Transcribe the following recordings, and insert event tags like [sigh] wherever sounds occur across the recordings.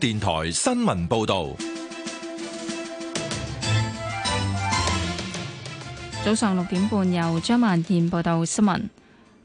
電台新聞報道：早上六點半，由張曼燕報道新聞。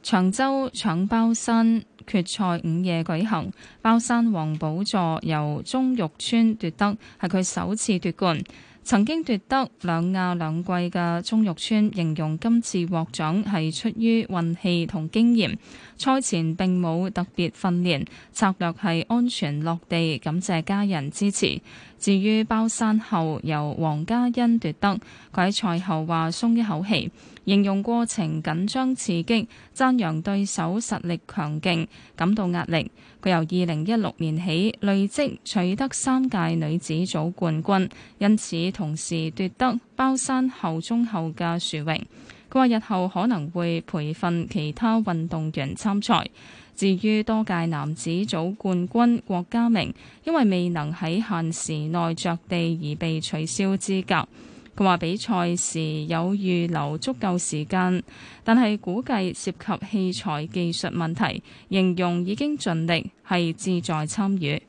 長洲搶包山決賽午夜舉行，包山王寶座由鍾玉川奪得，係佢首次奪冠。曾經奪得兩亞兩季嘅鍾玉川形容今次獲獎係出於運氣同經驗，賽前並冇特別訓練，策略係安全落地，感謝家人支持。至於包山後由黃嘉欣奪得，佢喺賽後話鬆一口氣，形容過程緊張刺激，讚揚對手實力強勁，感到壓力。佢由二零一六年起累積取得三屆女子組冠軍，因此同時奪得包山後中後嘅殊榮。佢話日後可能會培訓其他運動員參賽。至於多屆男子組冠軍郭家明，因為未能喺限時內着地而被取消資格。佢話比賽時有預留足夠時間，但係估計涉及器材技術問題，形容已經盡力，係志在參與。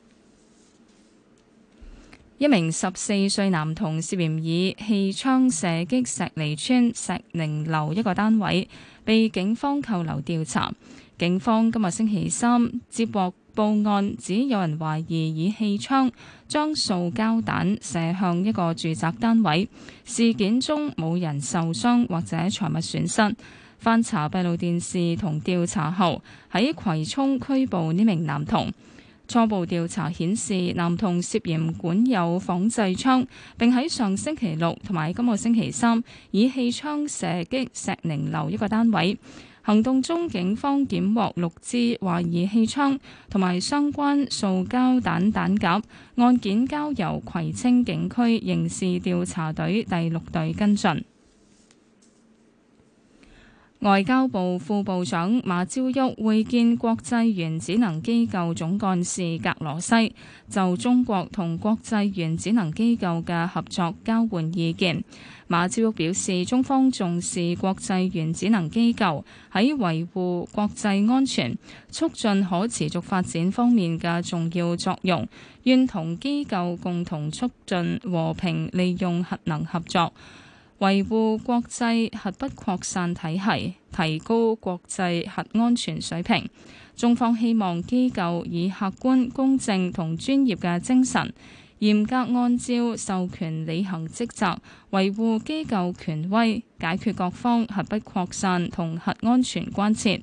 一名十四歲男童涉嫌以氣槍射擊石梨村石寧樓一個單位，被警方扣留調查。警方今日星期三接獲報案，指有人懷疑以氣槍將塑膠彈射向一個住宅單位。事件中冇人受傷或者財物損失。翻查閉路電視同調查後，喺葵涌拘捕呢名男童。初步調查顯示，男童涉嫌管有仿製槍，並喺上星期六同埋今個星期三以氣槍射擊石寧樓一個單位。行動中，警方檢獲六支懷疑氣槍同埋相關塑膠彈彈夾，案件交由葵青警區刑事調查隊第六隊跟進。外交部副部長馬朝旭會見國際原子能機構總幹事格羅西，就中國同國際原子能機構嘅合作交換意見。馬朝旭表示，中方重視國際原子能機構喺維護國際安全、促進可持續發展方面嘅重要作用，願同機構共同促進和平利用核能合作，維護國際核不擴散體系，提高國際核安全水平。中方希望機構以客觀、公正同專業嘅精神，嚴格按照授權履行職責，維護機構權威，解決各方核不擴散同核安全關切。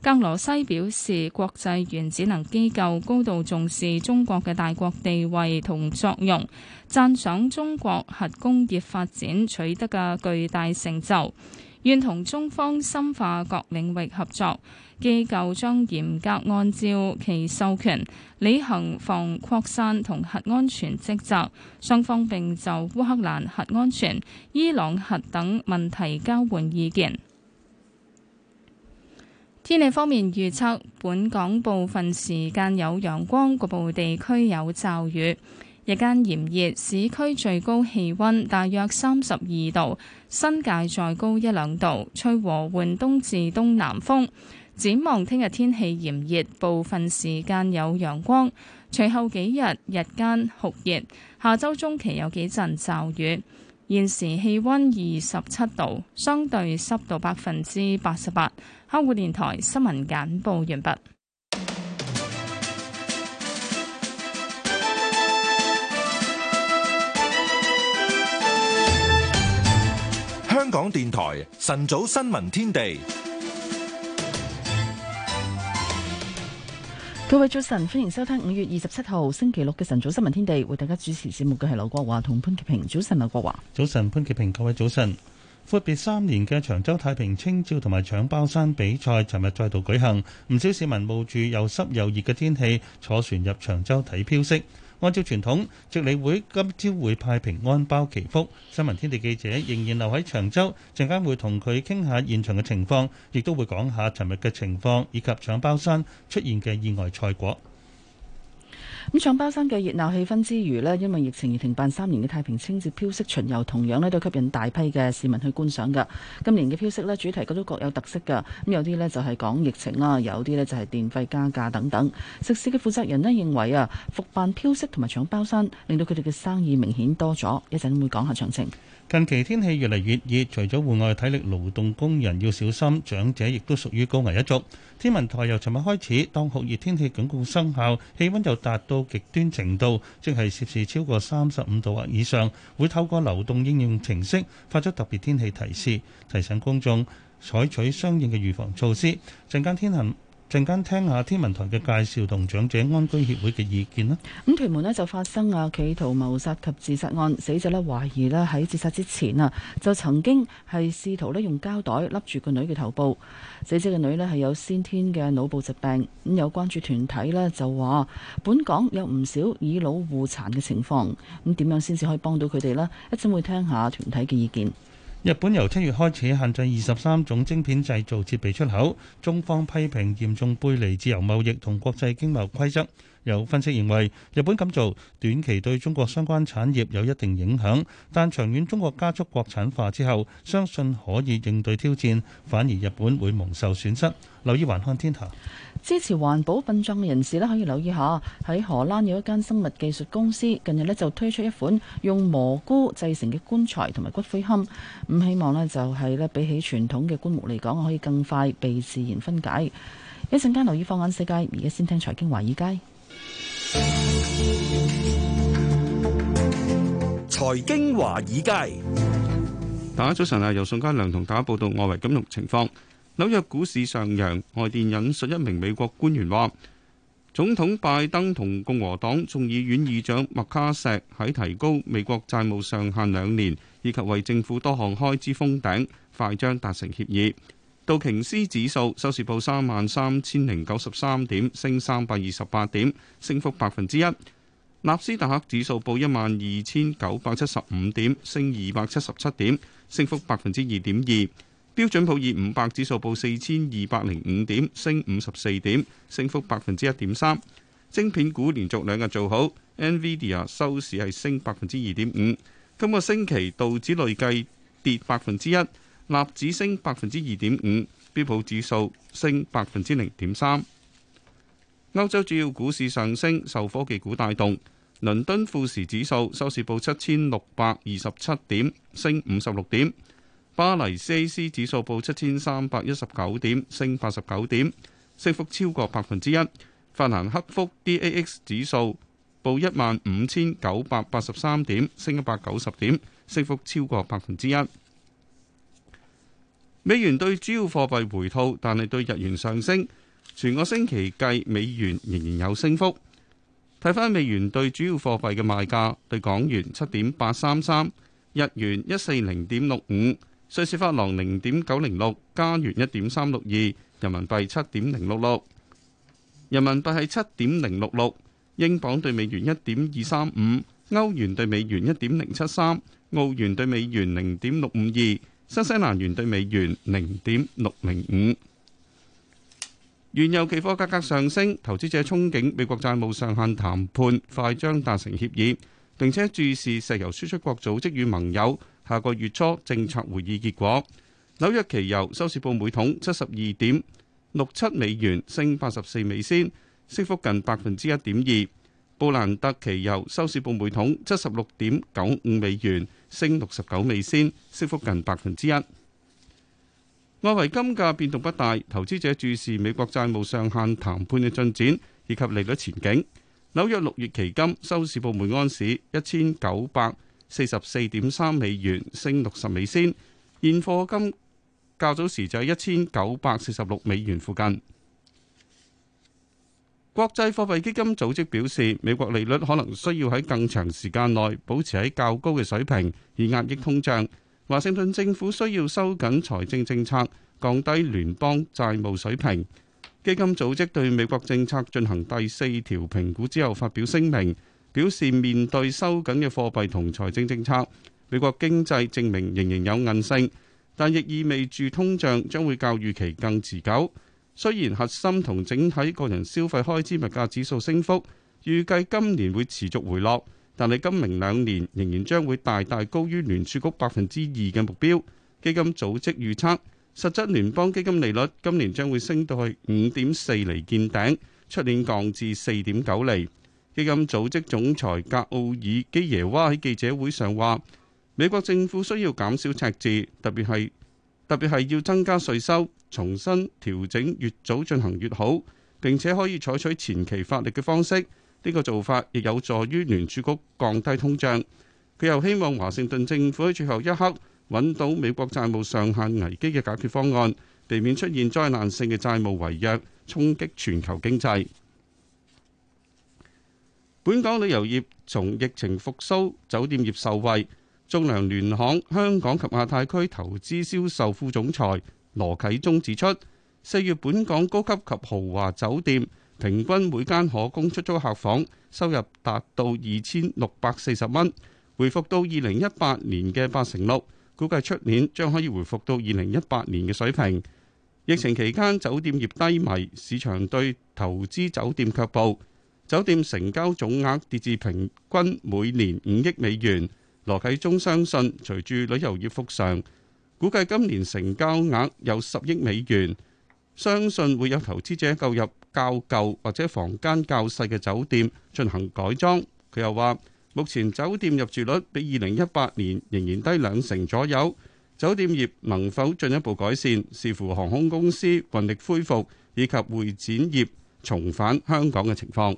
格羅西表示，國際原子能機構高度重視中國嘅大國地位同作用，讚賞中國核工業發展取得嘅巨大成就，願同中方深化各領域合作。機構將嚴格按照其授權履行防擴散同核安全職責。雙方並就烏克蘭核安全、伊朗核等問題交換意見。天氣方面預測，本港部分時間有陽光，局部地區有驟雨。日間炎熱，市區最高氣温大約三十二度，新界再高一兩度，吹和緩東至東南風。展望聽日天，天氣炎熱，部分時間有陽光。隨後幾日日間酷熱，下周中期有幾陣驟雨。現時氣温二十七度，相對濕度百分之八十八。香港電台新聞簡報完畢。香港電台晨早新聞天地。各位早晨，歡迎收聽五月二十七號星期六嘅晨早新聞天地，為大家主持節目嘅係劉國華同潘潔平。早晨，劉國華，早晨，潘潔平。各位早晨，闊別三年嘅長洲太平清醮同埋搶包山比賽，尋日再度舉行，唔少市民冒住又濕又熱嘅天氣，坐船入長洲睇飄色。按照傳統，值理會今朝會派平安包祈福。新聞天地記者仍然留喺長洲，陣間會同佢傾下現場嘅情況，亦都會講下尋日嘅情況以及搶包山出現嘅意外賽果。搶、嗯、包山嘅熱鬧氣氛之餘咧，因為疫情而停辦三年嘅太平清節飄色巡遊，同樣咧都吸引大批嘅市民去觀賞嘅。今年嘅飄色咧，主題都各有特色嘅。咁、嗯、有啲咧就係、是、講疫情啦，有啲咧就係、是、電費加價等等。食肆嘅負責人咧認為啊，復辦飄色同埋搶包山，令到佢哋嘅生意明顯多咗。一陣會講下詳情。近期天氣越嚟越熱，除咗戶外體力勞動工人要小心，長者亦都屬於高危一族。天文台由尋日開始，當酷熱天氣警告生效，氣溫又達到極端程度，即係攝氏超過三十五度或以上，會透過流動應用程式，發出特別天氣提示，提醒公眾採取相應嘅預防措施。陣間天恒。陣間聽下天文台嘅介紹同長者安居協會嘅意見啦。咁屯門呢就發生啊企圖謀殺及自殺案，死者呢懷疑呢喺自殺之前啊就曾經係試圖呢用膠袋笠住個女嘅頭部。死者嘅女呢係有先天嘅腦部疾病。咁有關注團體呢，就話，本港有唔少以老護殘嘅情況。咁點樣先至可以幫到佢哋呢？一陣會聽下團體嘅意見。日本由七月開始限制二十三種晶片製造設備出口，中方批評嚴重背離自由貿易同國際經貿規則。有分析認為，日本咁做短期對中國相關產業有一定影響，但長遠中國加速國產化之後，相信可以應對挑戰，反而日本會蒙受損失。留意還看天下。支持環保殮葬嘅人士咧，可以留意下喺荷蘭有一間生物技術公司，近日咧就推出一款用蘑菇製成嘅棺材同埋骨灰龕。咁希望咧就係咧比起傳統嘅棺木嚟講，可以更快被自然分解。一陣間留意放眼世界，而家先聽財經華爾街。財經華爾街，大家早晨啊！由宋嘉良同大家報道外圍金融情況。紐約股市上揚，外電引述一名美國官員話，總統拜登同共和黨眾議院議長麥卡錫喺提高美國債務上限兩年，以及為政府多項開支封頂，快將達成協議。道瓊斯指數收市報三萬三千零九十三點，升三百二十八點，升幅百分之一。納斯達克指數報一萬二千九百七十五點，升二百七十七點，升幅百分之二點二。標準普爾五百指數報四千二百零五點，升五十四點，升幅百分之一點三。晶片股連續兩日做好，Nvidia 收市係升百分之二點五。今個星期道指累計跌百分之一，納指升百分之二點五，標普指數升百分之零點三。歐洲主要股市上升，受科技股帶動。倫敦富時指數收市報七千六百二十七點，升五十六點。巴黎 CAC 指數報七千三百一十九點，升八十九點，升幅超過百分之一。法蘭克福 DAX 指數報一萬五千九百八十三點，升一百九十點，升幅超過百分之一。美元對主要貨幣回吐，但係對日元上升。全個星期計，美元仍然有升幅。睇翻美元對主要貨幣嘅賣價，對港元七點八三三，日元一四零點六五。瑞士法郎零點九零六，加元一點三六二，人民幣七點零六六，人民幣係七點零六六，英鎊兌美元一點二三五，歐元兌美元一點零七三，澳元兌美元零點六五二，新西蘭元兌美元零點六零五。原油期貨價格上升，投資者憧憬美國債務上限談判快將達成協議，並且注視石油輸出國組織與盟友。下個月初政策會議結果，紐約期油收市報每桶七十二點六七美元，升八十四美仙，升幅近百分之一點二。布蘭特期油收市報每桶七十六點九五美元，升六十九美仙，升幅近百分之一。外圍金價變動不大，投資者注視美國債務上限談判嘅進展以及利率前景。紐約六月期金收市報每安士一千九百四十四點三美元，升六十美仙。現貨金較早時就喺一千九百四十六美元附近。國際貨幣基金組織表示，美國利率可能需要喺更長時間內保持喺較高嘅水平，以壓抑通脹。華盛頓政府需要收緊財政政策，降低聯邦債務水平。基金組織對美國政策進行第四條評估之後，發表聲明。表示面對收緊嘅貨幣同財政政策，美國經濟證明仍然有韌性，但亦意味住通脹將會較預期更持久。雖然核心同整體個人消費開支物價指數升幅預計今年會持續回落，但係今明兩年仍然將會大大高於聯儲局百分之二嘅目標。基金組織預測，實質聯邦基金利率今年將會升到去五點四厘見頂，出年降至四點九厘。基金組織總裁格奧爾基耶娃喺記者會上話：美國政府需要減少赤字，特別係特別係要增加稅收，重新調整，越早進行越好。並且可以採取前期發力嘅方式，呢個做法亦有助於聯儲局降低通脹。佢又希望華盛頓政府喺最後一刻揾到美國債務上限危機嘅解決方案，避免出現災難性嘅債務違約，衝擊全球經濟。本港旅遊業從疫情復甦，酒店業受惠。仲量聯行香港及亞太區投資銷售副總裁羅啟忠指出，四月本港高級及豪華酒店平均每間可供出租客房收入達到二千六百四十蚊，回復到二零一八年嘅八成六，估計出年將可以回復到二零一八年嘅水平。疫情期間酒店業低迷，市場對投資酒店卻步。酒店成交總額跌至平均每年五億美元。羅啟忠相信，隨住旅遊業復常，估計今年成交額有十億美元，相信會有投資者購入較舊或者房間較細嘅酒店進行改裝。佢又話：目前酒店入住率比二零一八年仍然低兩成左右。酒店業能否進一步改善，視乎航空公司運力恢復以及會展業重返香港嘅情況。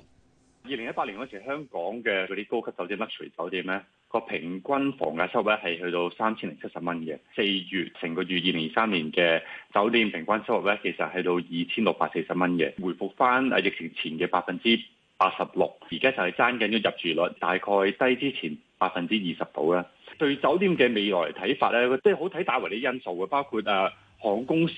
二零一八年嗰時，香港嘅嗰啲高級酒店 luxury 酒店呢個平均房價收入係去到三千零七十蚊嘅。四月成個月，二零二三年嘅酒店平均收入咧，其實係到二千六百四十蚊嘅，回復翻疫情前嘅百分之八十六。而家就係爭緊咗入住率，大概低之前百分之二十到啦。對酒店嘅未來睇法咧，即係好睇大圍嘅因素嘅，包括啊。航空公司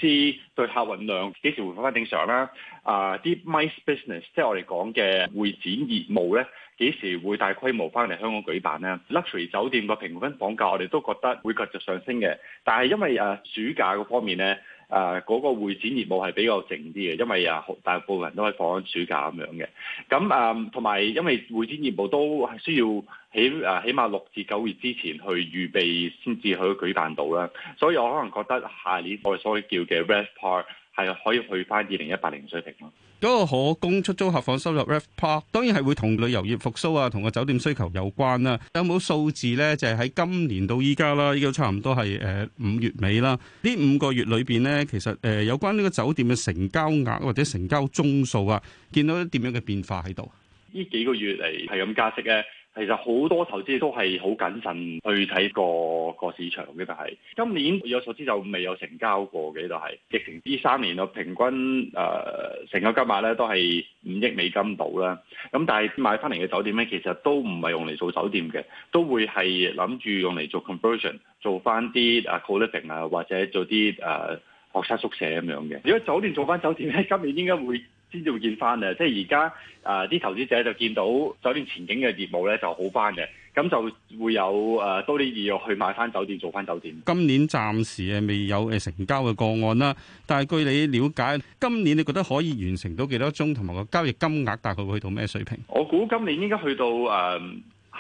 對客運量幾時回復翻正常啦？啊，啲 MICE business 即係我哋講嘅會展業務咧，幾時會大規模翻嚟香港舉辦咧？Luxury 酒店個平均房價我哋都覺得會繼續上升嘅，但係因為誒、uh，暑假個方面咧。誒嗰、呃那個會展業務係比較靜啲嘅，因為啊大部分人都係放緊暑假咁樣嘅。咁誒同埋因為會展業務都需要起誒、啊、起碼六至九月之前去預備先至可以舉辦到啦，所以我可能覺得下年我哋所謂叫嘅 rest part 係可以去翻二零一八年水平咯。嗰個可供出租客房收入 ref park 當然係會同旅遊業復甦啊，同個酒店需求有關啦。有冇數字咧？就係喺今年到依家啦，依家差唔多係誒五月尾啦。呢五個月裏邊咧，其實誒有關呢個酒店嘅成交額或者成交宗數啊，見到啲點樣嘅變化喺度？呢幾個月嚟係咁加息嘅。其實好多投資都係好謹慎去睇個個市場嘅，但係今年據我所知就未有成交過嘅，就係、是、疫情呢三年咯，平均誒、呃、成個金額成交金額咧都係五億美金度啦。咁但係買翻嚟嘅酒店咧，其實都唔係用嚟做酒店嘅，都會係諗住用嚟做 conversion，做翻啲啊 co-living 啊或者做啲誒、呃、學生宿舍咁樣嘅。如果酒店做翻酒店咧，今年應該會。先至會見翻啊，即係而家啊，啲、呃、投資者就見到酒店前景嘅業務咧就好翻嘅，咁就會有誒、呃、多啲意欲去買翻酒店，做翻酒店。今年暫時誒未有誒成交嘅個案啦，但係據你了解，今年你覺得可以完成到幾多宗，同埋個交易金額大概會去到咩水平？我估今年應該去到誒。呃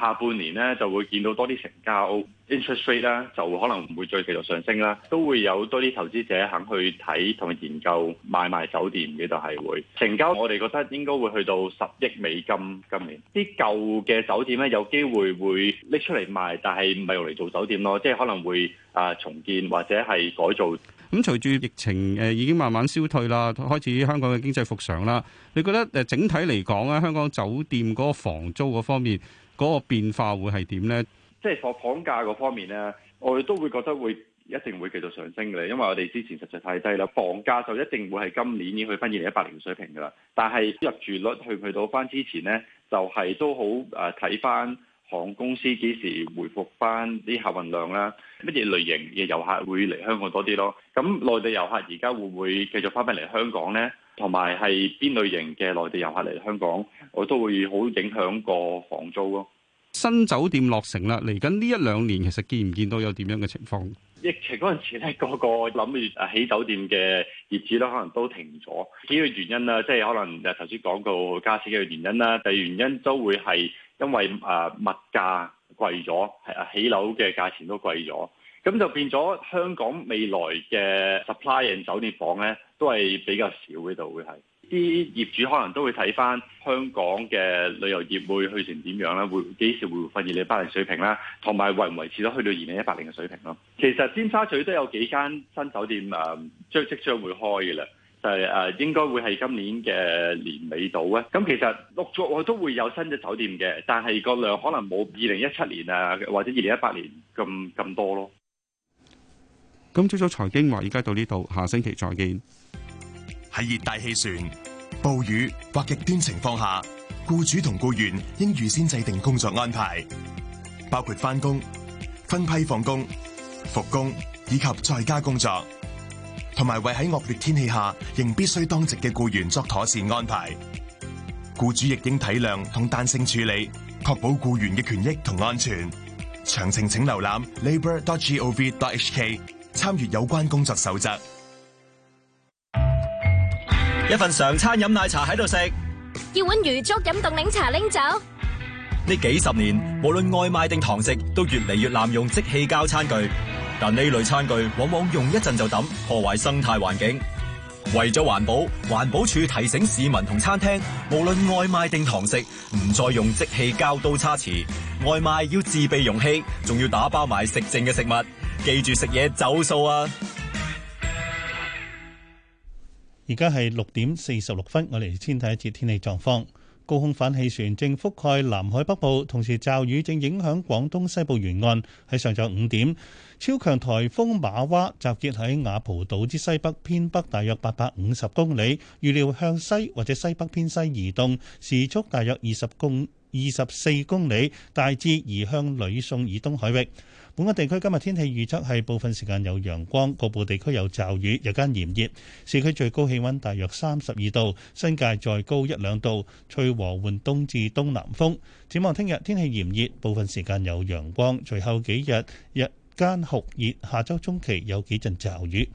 下半年呢，就會見到多啲成交，interest rate 咧就可能唔會再繼續上升啦，都會有多啲投資者肯去睇同埋研究買賣酒店嘅，就係會成交。我哋覺得應該會去到十億美金今年。啲舊嘅酒店呢，有機會會拎出嚟賣，但係唔係用嚟做酒店咯，即係可能會啊重建或者係改造。咁隨住疫情誒已經慢慢消退啦，開始香港嘅經濟復常啦。你覺得誒整體嚟講咧，香港酒店嗰個房租嗰方面，嗰個變化會係點咧？即係房價嗰方面咧，我哋都會覺得會一定會繼續上升嘅，因為我哋之前實在太低啦。房價就一定會係今年已經去翻二零一八年嘅水平噶啦。但係入住率去唔去到翻之前咧，就係都好誒睇翻航空公司幾時回復翻啲客運量啦。乜嘢類型嘅遊客會嚟香港多啲咯？咁內地遊客而家會唔會繼續翻返嚟香港咧？同埋係邊類型嘅內地遊客嚟香港，我都會好影響個房租咯。新酒店落成啦，嚟緊呢一兩年，其實見唔見到有點樣嘅情況？疫情嗰陣時咧，個個諗住啊起酒店嘅業主都可能都停咗。幾個原因啦，即係可能誒頭先講到加息嘅原因啦，第二原因都會係因為誒物價貴咗，係啊起樓嘅價錢都貴咗，咁就變咗香港未來嘅 supply d 酒店房咧，都係比較少嘅，度會係。啲業主可能都會睇翻香港嘅旅遊業會去成點樣啦，會幾時會復返二零一八年水平啦，同埋維唔維持到去到二零一八年嘅水平咯。其實尖沙咀都有幾間新酒店誒，將即將會開嘅啦，就係、是、誒應該會係今年嘅年尾到咧。咁其實六座我都會有新嘅酒店嘅，但係個量可能冇二零一七年啊或者二零一八年咁咁多咯。咁朝早財經話，而家到呢度，下星期再見。喺熱帶氣旋、暴雨或極端情況下，僱主同僱員應預先制定工作安排，包括返工、分批放工、復工以及在家工作，同埋為喺惡劣天氣下仍必須當值嘅僱員作妥善安排。僱主亦應體諒同彈性處理，確保僱員嘅權益同安全。詳情請瀏覽 labour.gov.hk 參閱有關工作守則。一份常餐飲奶茶喺度食，叫碗魚粥飲凍檸茶拎走。呢幾十年，無論外賣定堂食，都越嚟越濫用即棄膠餐具。但呢類餐具往往用一陣就抌，破壞生態環境。為咗環保，環保署提醒市民同餐廳，無論外賣定堂食，唔再用即棄膠刀叉匙。外賣要自備容器，仲要打包埋食剩嘅食物。記住食嘢走塑啊！而家係六點四十六分，我哋先睇一節天氣狀況。高空反氣旋正覆蓋南海北部，同時驟雨正影響廣東西部沿岸。喺上晝五點，超強颱風瑪娃集結喺雅浦島之西北偏北大約八百五十公里，預料向西或者西北偏西移動，時速大約二十公二十四公里，大致移向呂宋以東海域。本港地區今日天，天氣預測係部分時間有陽光，局部地區有驟雨，日間炎熱，市區最高氣温大約三十二度，新界再高一兩度，吹和緩東至東南風。展望聽日天，天氣炎熱，部分時間有陽光，隨後幾日日間酷熱，下周中期有幾陣驟雨。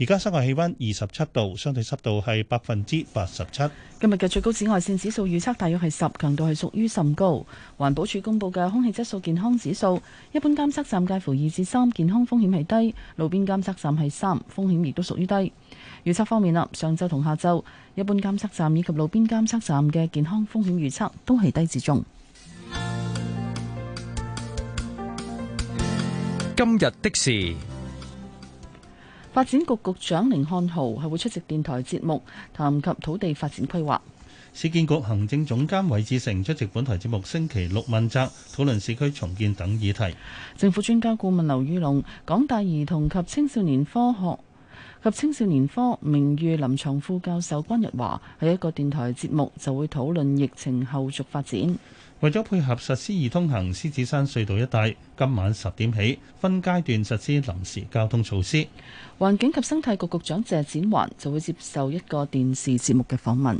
而家室外氣溫二十七度，相對濕度係百分之八十七。今日嘅最高紫外線指數預測大約係十，強度係屬於甚高。環保署公布嘅空氣質素健康指數，一般監測站介乎二至三，健康風險係低；路邊監測站係三，風險亦都屬於低。預測方面啦，上晝同下晝，一般監測站以及路邊監測站嘅健康風險預測都係低至中。今日的事，發展局局長寧漢豪係會出席電台節目，談及土地發展規劃。市建局行政總監韋志成出席本台節目，星期六問責，討論市區重建等議題。政府專家顧問劉宇龍，港大兒童及青少年科學及青少年科名譽臨床副教授關日華，喺一個電台節目就會討論疫情後續發展。為咗配合實施易通行獅子山隧道一帶，今晚十點起，分階段實施臨時交通措施。環境及生態局局長謝展寰就會接受一個電視節目嘅訪問。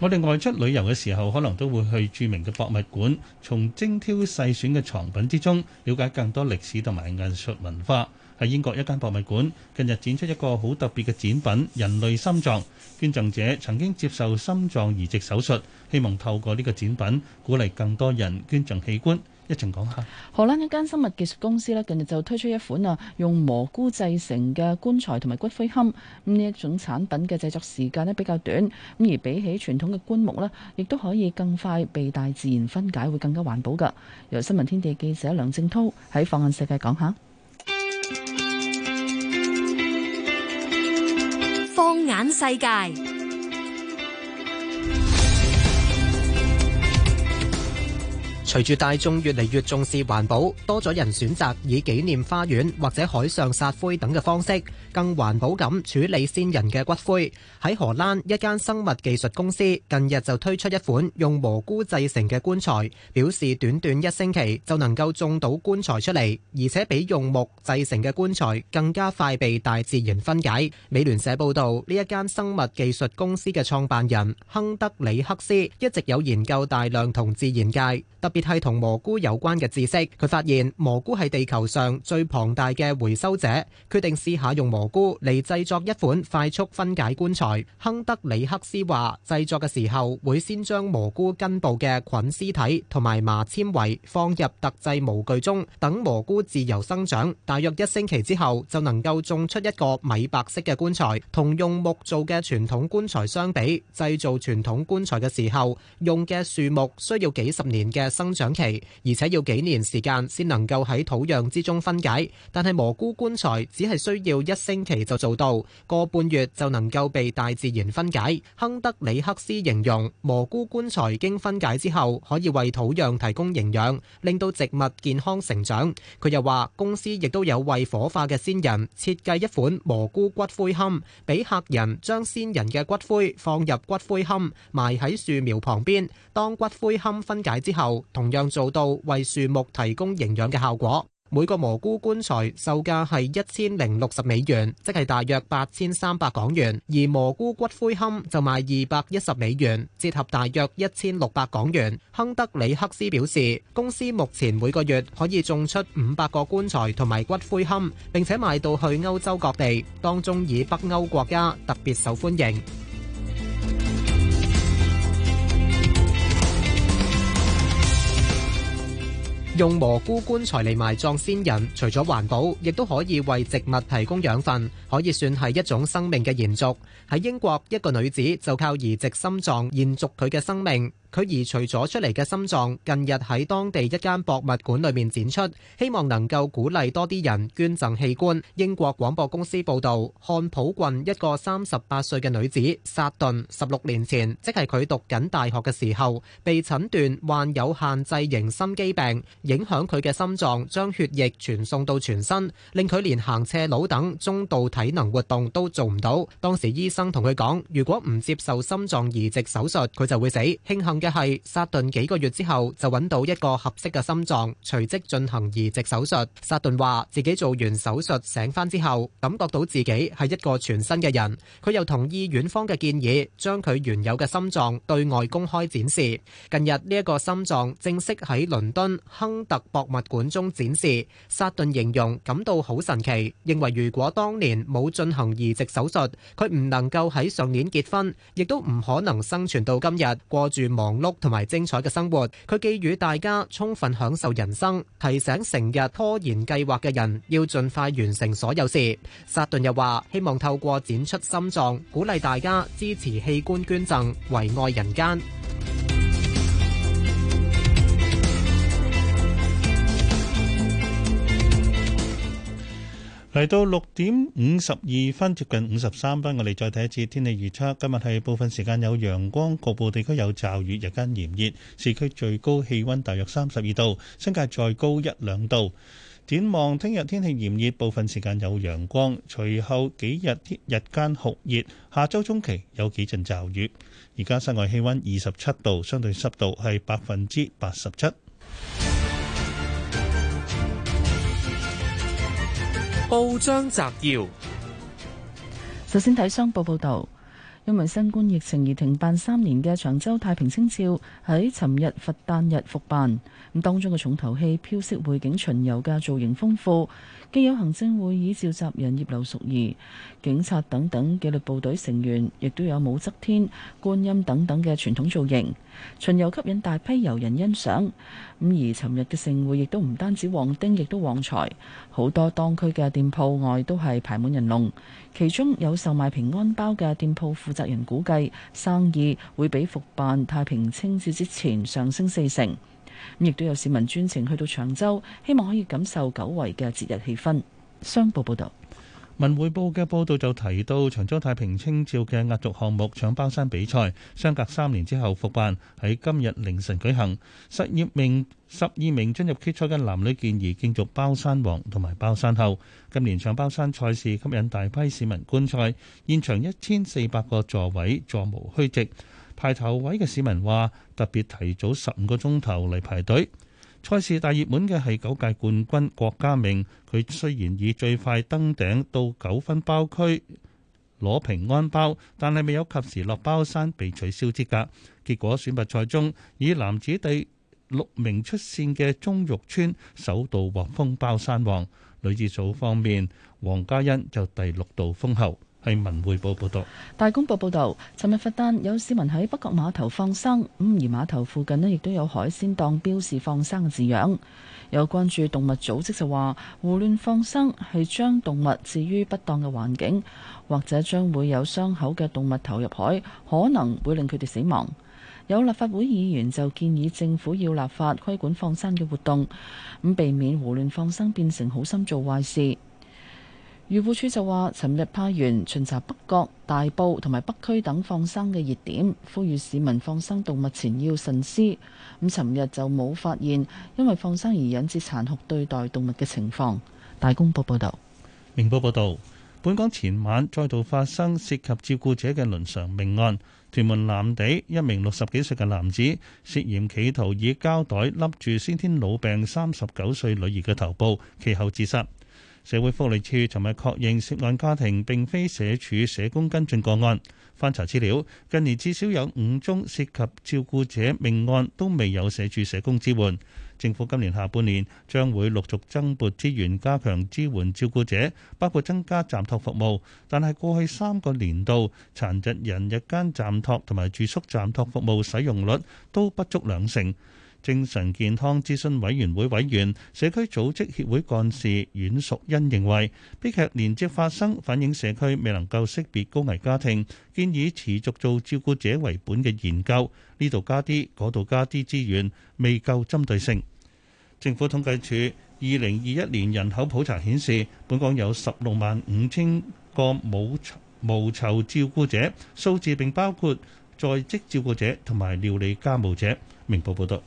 我哋外出旅遊嘅時候，可能都會去著名嘅博物館，從精挑細選嘅藏品之中，了解更多歷史同埋藝術文化。喺英國一間博物館，近日展出一個好特別嘅展品——人類心臟，捐贈者曾經接受心臟移植手術，希望透過呢個展品，鼓勵更多人捐贈器官。一陣講下，荷蘭一間生物技術公司咧，近日就推出一款啊用蘑菇製成嘅棺材同埋骨灰龕。呢一種產品嘅製作時間咧比較短，咁而比起傳統嘅棺木咧，亦都可以更快被大自然分解，會更加環保噶。由新聞天地記者梁正濤喺放眼世界講下。放眼世界。隨住大眾越嚟越重視環保，多咗人選擇以紀念花園或者海上撒灰等嘅方式，更環保咁處理先人嘅骨灰。喺荷蘭，一間生物技術公司，近日就推出一款用蘑菇製成嘅棺材，表示短短一星期，就能夠種到棺材出嚟，而且比用木製成嘅棺材更加快被大自然分解。美聯社報道，呢間生物技術公司嘅創辦人、亨德里克斯，一直有研究大量同自然界係同蘑菇有關嘅知識，佢發現蘑菇係地球上最龐大嘅回收者，決定試下用蘑菇嚟製作一款快速分解棺材。亨德里克斯話，製作嘅時候會先將蘑菇根部嘅菌絲體同埋麻纖維放入特製模具中，等蘑菇自由生長，大約一星期之後就能夠種出一個米白色嘅棺材。同用木做嘅傳統棺材相比，製造傳統棺材嘅時候，用嘅樹木需要幾十年嘅生。生長期，而且要幾年時間先能夠喺土壤之中分解。但係蘑菇棺材只係需要一星期就做到，個半月就能夠被大自然分解。亨德里克斯形容蘑菇棺材經分解之後，可以為土壤提供營養，令到植物健康成長。佢又話，公司亦都有為火化嘅先人設計一款蘑菇骨灰龕，俾客人將先人嘅骨灰放入骨灰龕，埋喺樹苗旁邊。當骨灰龕分解之後，同樣做到為樹木提供營養嘅效果。每個蘑菇棺材售價係一千零六十美元，即係大約八千三百港元；而蘑菇骨灰龕就賣二百一十美元，折合大約一千六百港元。亨德里克斯表示，公司目前每個月可以種出五百個棺材同埋骨灰龕，並且賣到去歐洲各地，當中以北歐國家特別受歡迎。用蘑菇棺材嚟埋葬先人，除咗環保，亦都可以為植物提供養分，可以算係一種生命嘅延續。喺英國，一個女子就靠移植心臟延續佢嘅生命。佢移除咗出嚟嘅心臟，近日喺當地一間博物館裏面展出，希望能夠鼓勵多啲人捐贈器官。英國廣播公司報道，漢普郡一個三十八歲嘅女子薩頓十六年前，即係佢讀緊大學嘅時候，被診斷患有限制型心肌病，影響佢嘅心臟將血液傳送到全身，令佢連行斜路等中度體能活動都做唔到。當時醫生同佢講，如果唔接受心臟移植手術，佢就會死。慶幸嘅係沙頓，幾個月之後就揾到一個合適嘅心臟，隨即進行移植手術。沙頓話自己做完手術醒翻之後，感覺到自己係一個全新嘅人。佢又同意院方嘅建議，將佢原有嘅心臟對外公開展示。近日呢一個心臟正式喺倫敦亨特博物館中展示。沙頓形容感到好神奇，認為如果當年冇進行移植手術，佢唔能夠喺上年結婚，亦都唔可能生存到今日過住忙碌同埋精彩嘅生活，佢寄予大家充分享受人生，提醒成日拖延計劃嘅人要盡快完成所有事。薩頓又話，希望透過展出心臟，鼓勵大家支持器官捐贈，為愛人間。嚟到六點五十二分，接近五十三分，我哋再睇一次天氣預測。今日係部分時間有陽光，局部地區有驟雨，日間炎熱，市區最高氣溫大約三十二度，新界再高一兩度。展望聽日天，天氣炎熱，部分時間有陽光，隨後幾日日，日間酷熱，下周中期有幾陣驟雨。而家室外氣溫二十七度，相對濕度係百分之八十七。報章摘要：首先睇商報報道，因為新冠疫情而停辦三年嘅長洲太平清醮，喺尋日佛誕日復辦，咁當中嘅重頭戲飄色會景巡遊嘅造型豐富。既有行政會議召集人葉劉淑儀、警察等等紀律部隊成員，亦都有武則天、觀音等等嘅傳統造型巡遊，吸引大批遊人欣賞。咁而尋日嘅盛會亦都唔單止旺丁，亦都旺財，好多當區嘅店鋪外都係排滿人龍。其中有售賣平安包嘅店鋪負責人估計，生意會比復辦太平清醮之前上升四成。亦都有市民專程去到長洲，希望可以感受久違嘅節日氣氛。商報報道，文匯報嘅報道就提到，長洲太平清醮嘅壓軸項目搶包山比賽，相隔三年之後復辦，喺今日凌晨舉行。十二名十二名進入決賽嘅男女健兒競逐包山王同埋包山后。今年搶包山賽事吸引大批市民觀賽，現場一千四百個座位座無虛席。排頭位嘅市民話：特別提早十五個鐘頭嚟排隊。賽事大熱門嘅係九屆冠軍郭家明，佢雖然以最快登頂到九分包區攞平安包，但係未有及時落包山被取消資格。結果選拔賽中，以男子第六名出線嘅鍾玉川首度獲封包山王。女子組方面，黃嘉欣就第六度封后。大公報報道，尋日發單有市民喺北角碼頭放生，咁而碼頭附近呢亦都有海鮮檔標示放生嘅字樣。有關注動物組織就話，胡亂放生係將動物置於不當嘅環境，或者將會有傷口嘅動物投入海，可能會令佢哋死亡。有立法會議員就建議政府要立法規管放生嘅活動，咁避免胡亂放生變成好心做壞事。漁護署就話，尋日派員巡查北角、大埔同埋北區等放生嘅熱點，呼籲市民放生動物前要慎思。咁尋日就冇發現因為放生而引致殘酷對待動物嘅情況。大公報報道，明報報道，本港前晚再度發生涉及照顧者嘅倫常命案，屯門藍地一名六十幾歲嘅男子涉嫌企圖以膠袋笠住先天老病三十九歲女兒嘅頭部，其後自殺。社會福利署尋日確認涉案家庭並非社署社工跟進個案。翻查資料，近年至少有五宗涉及照顧者命案都未有社署社工支援。政府今年下半年將會陸續增撥資源，加強支援照顧者，包括增加暫托服務。但係過去三個年度，殘疾人日間暫托同埋住宿暫托服務使用率都不足兩成。精神健康諮詢委員會委員、社區組織協會幹事阮淑茵認為，悲劇連接發生反映社區未能夠識別高危家庭，建議持續做照顧者為本嘅研究。呢度加啲，嗰度加啲資源，未夠針對性。政府統計處二零二一年人口普查顯示，本港有十六萬五千個無無酬照顧者，數字並包括在職照顧者同埋料理家務者。明報報導。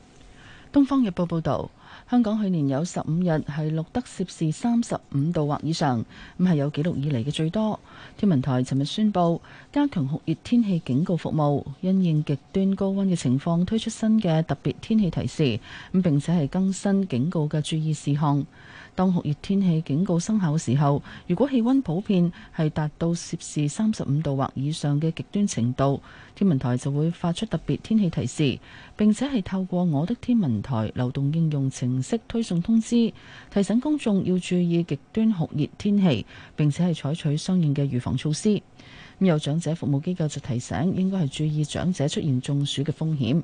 《東方日報》報導，香港去年有十五日係錄得攝氏三十五度或以上，咁係有記錄以嚟嘅最多。天文台尋日宣布加強酷熱天氣警告服務，因應極端高溫嘅情況，推出新嘅特別天氣提示，咁並且係更新警告嘅注意事項。當酷熱天氣警告生效嘅時候，如果氣溫普遍係達到攝氏三十五度或以上嘅極端程度，天文台就會發出特別天氣提示，並且係透過我的天文台流動應用程式推送通知，提醒公眾要注意極端酷熱天氣，並且係採取相應嘅預防措施。有由長者服務機構就提醒，應該係注意長者出現中暑嘅風險。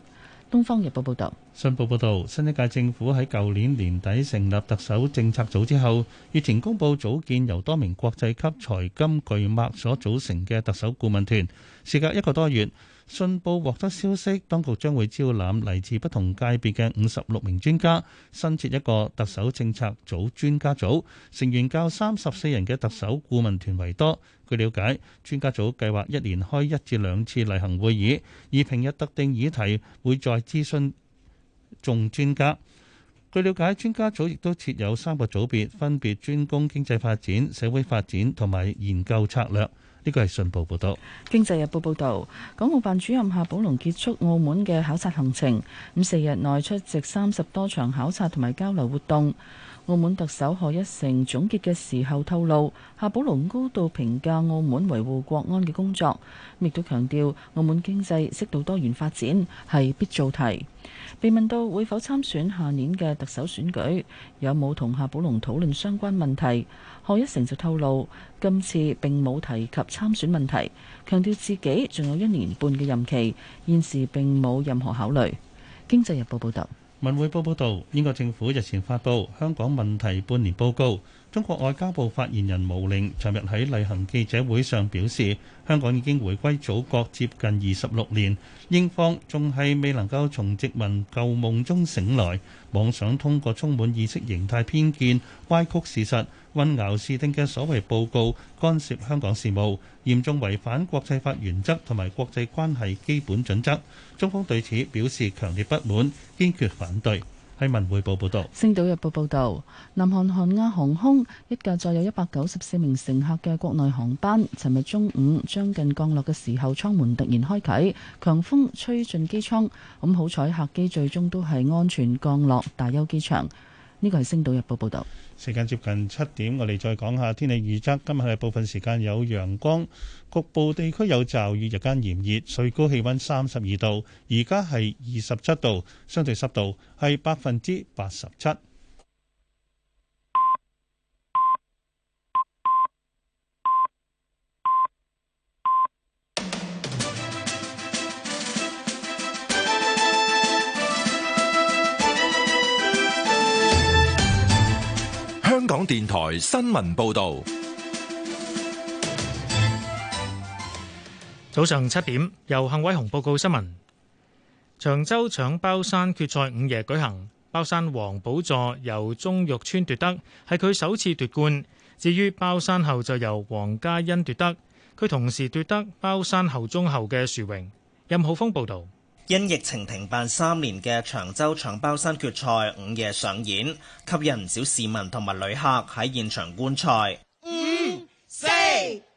《東方日報》報道：「信報報道」：「新一屆政府喺舊年年底成立特首政策組之後，月前公佈組建由多名國際級財金巨擘所組成嘅特首顧問團，時隔一個多月。信報獲得消息，當局將會招攬嚟自不同界別嘅五十六名專家，新設一個特首政策組專家組，成員較三十四人嘅特首顧問團為多。據了解，專家組計劃一年開一至兩次例行會議，以平日特定議題會再諮詢眾專家。據了解，專家組亦都設有三個組別，分別專攻經濟發展、社會發展同埋研究策略。呢個係《信報》報導，《經濟日報》報導，港澳辦主任夏寶龍結束澳門嘅考察行程，咁四日內出席三十多場考察同埋交流活動。澳門特首賀一誠總結嘅時候透露，夏寶龍高度評價澳門維護國安嘅工作，亦都強調澳門經濟適度多元發展係必做題。被問到會否參選下年嘅特首選舉，有冇同夏寶龍討論相關問題，賀一誠就透露今次並冇提及參選問題，強調自己仲有一年半嘅任期，現時並冇任何考慮。經濟日報報道。文匯報報道，英國政府日前發布香港問題半年報告。中國外交部發言人毛寧尋日喺例行記者會上表示，香港已經回歸祖國接近二十六年，英方仲係未能夠從殖民舊夢中醒來，妄想通過充滿意識形態偏見、歪曲事實、混淆視聽嘅所謂報告干涉香港事務，嚴重違反國際法原則同埋國際關係基本準則。中方對此表示強烈不滿，堅決反對。《文匯報》報導，《星島日報》報導，南韓韓亞航空一架載有一百九十四名乘客嘅國內航班，尋日中午將近降落嘅時候，艙門突然開啓，強風吹進機艙，咁、嗯、好彩客機最終都係安全降落大邱機場。呢個係《星島日報》報導。時間接近七點，我哋再講下天氣預測。今日嘅部分時間有陽光，局部地區有驟雨。日間炎熱，最高氣溫三十二度，而家係二十七度，相對濕度係百分之八十七。香港電台新聞報道，早上七點由幸偉雄報告新聞。長洲搶包山決賽午夜舉行，包山王寶座由鍾玉川奪得，係佢首次奪冠。至於包山后就由黃嘉欣奪得，佢同時奪得包山后中后嘅殊榮。任浩峰報道。因疫情停辦三年嘅長洲搶包山決賽午夜上演，吸引唔少市民同埋旅客喺現場觀賽。五、四、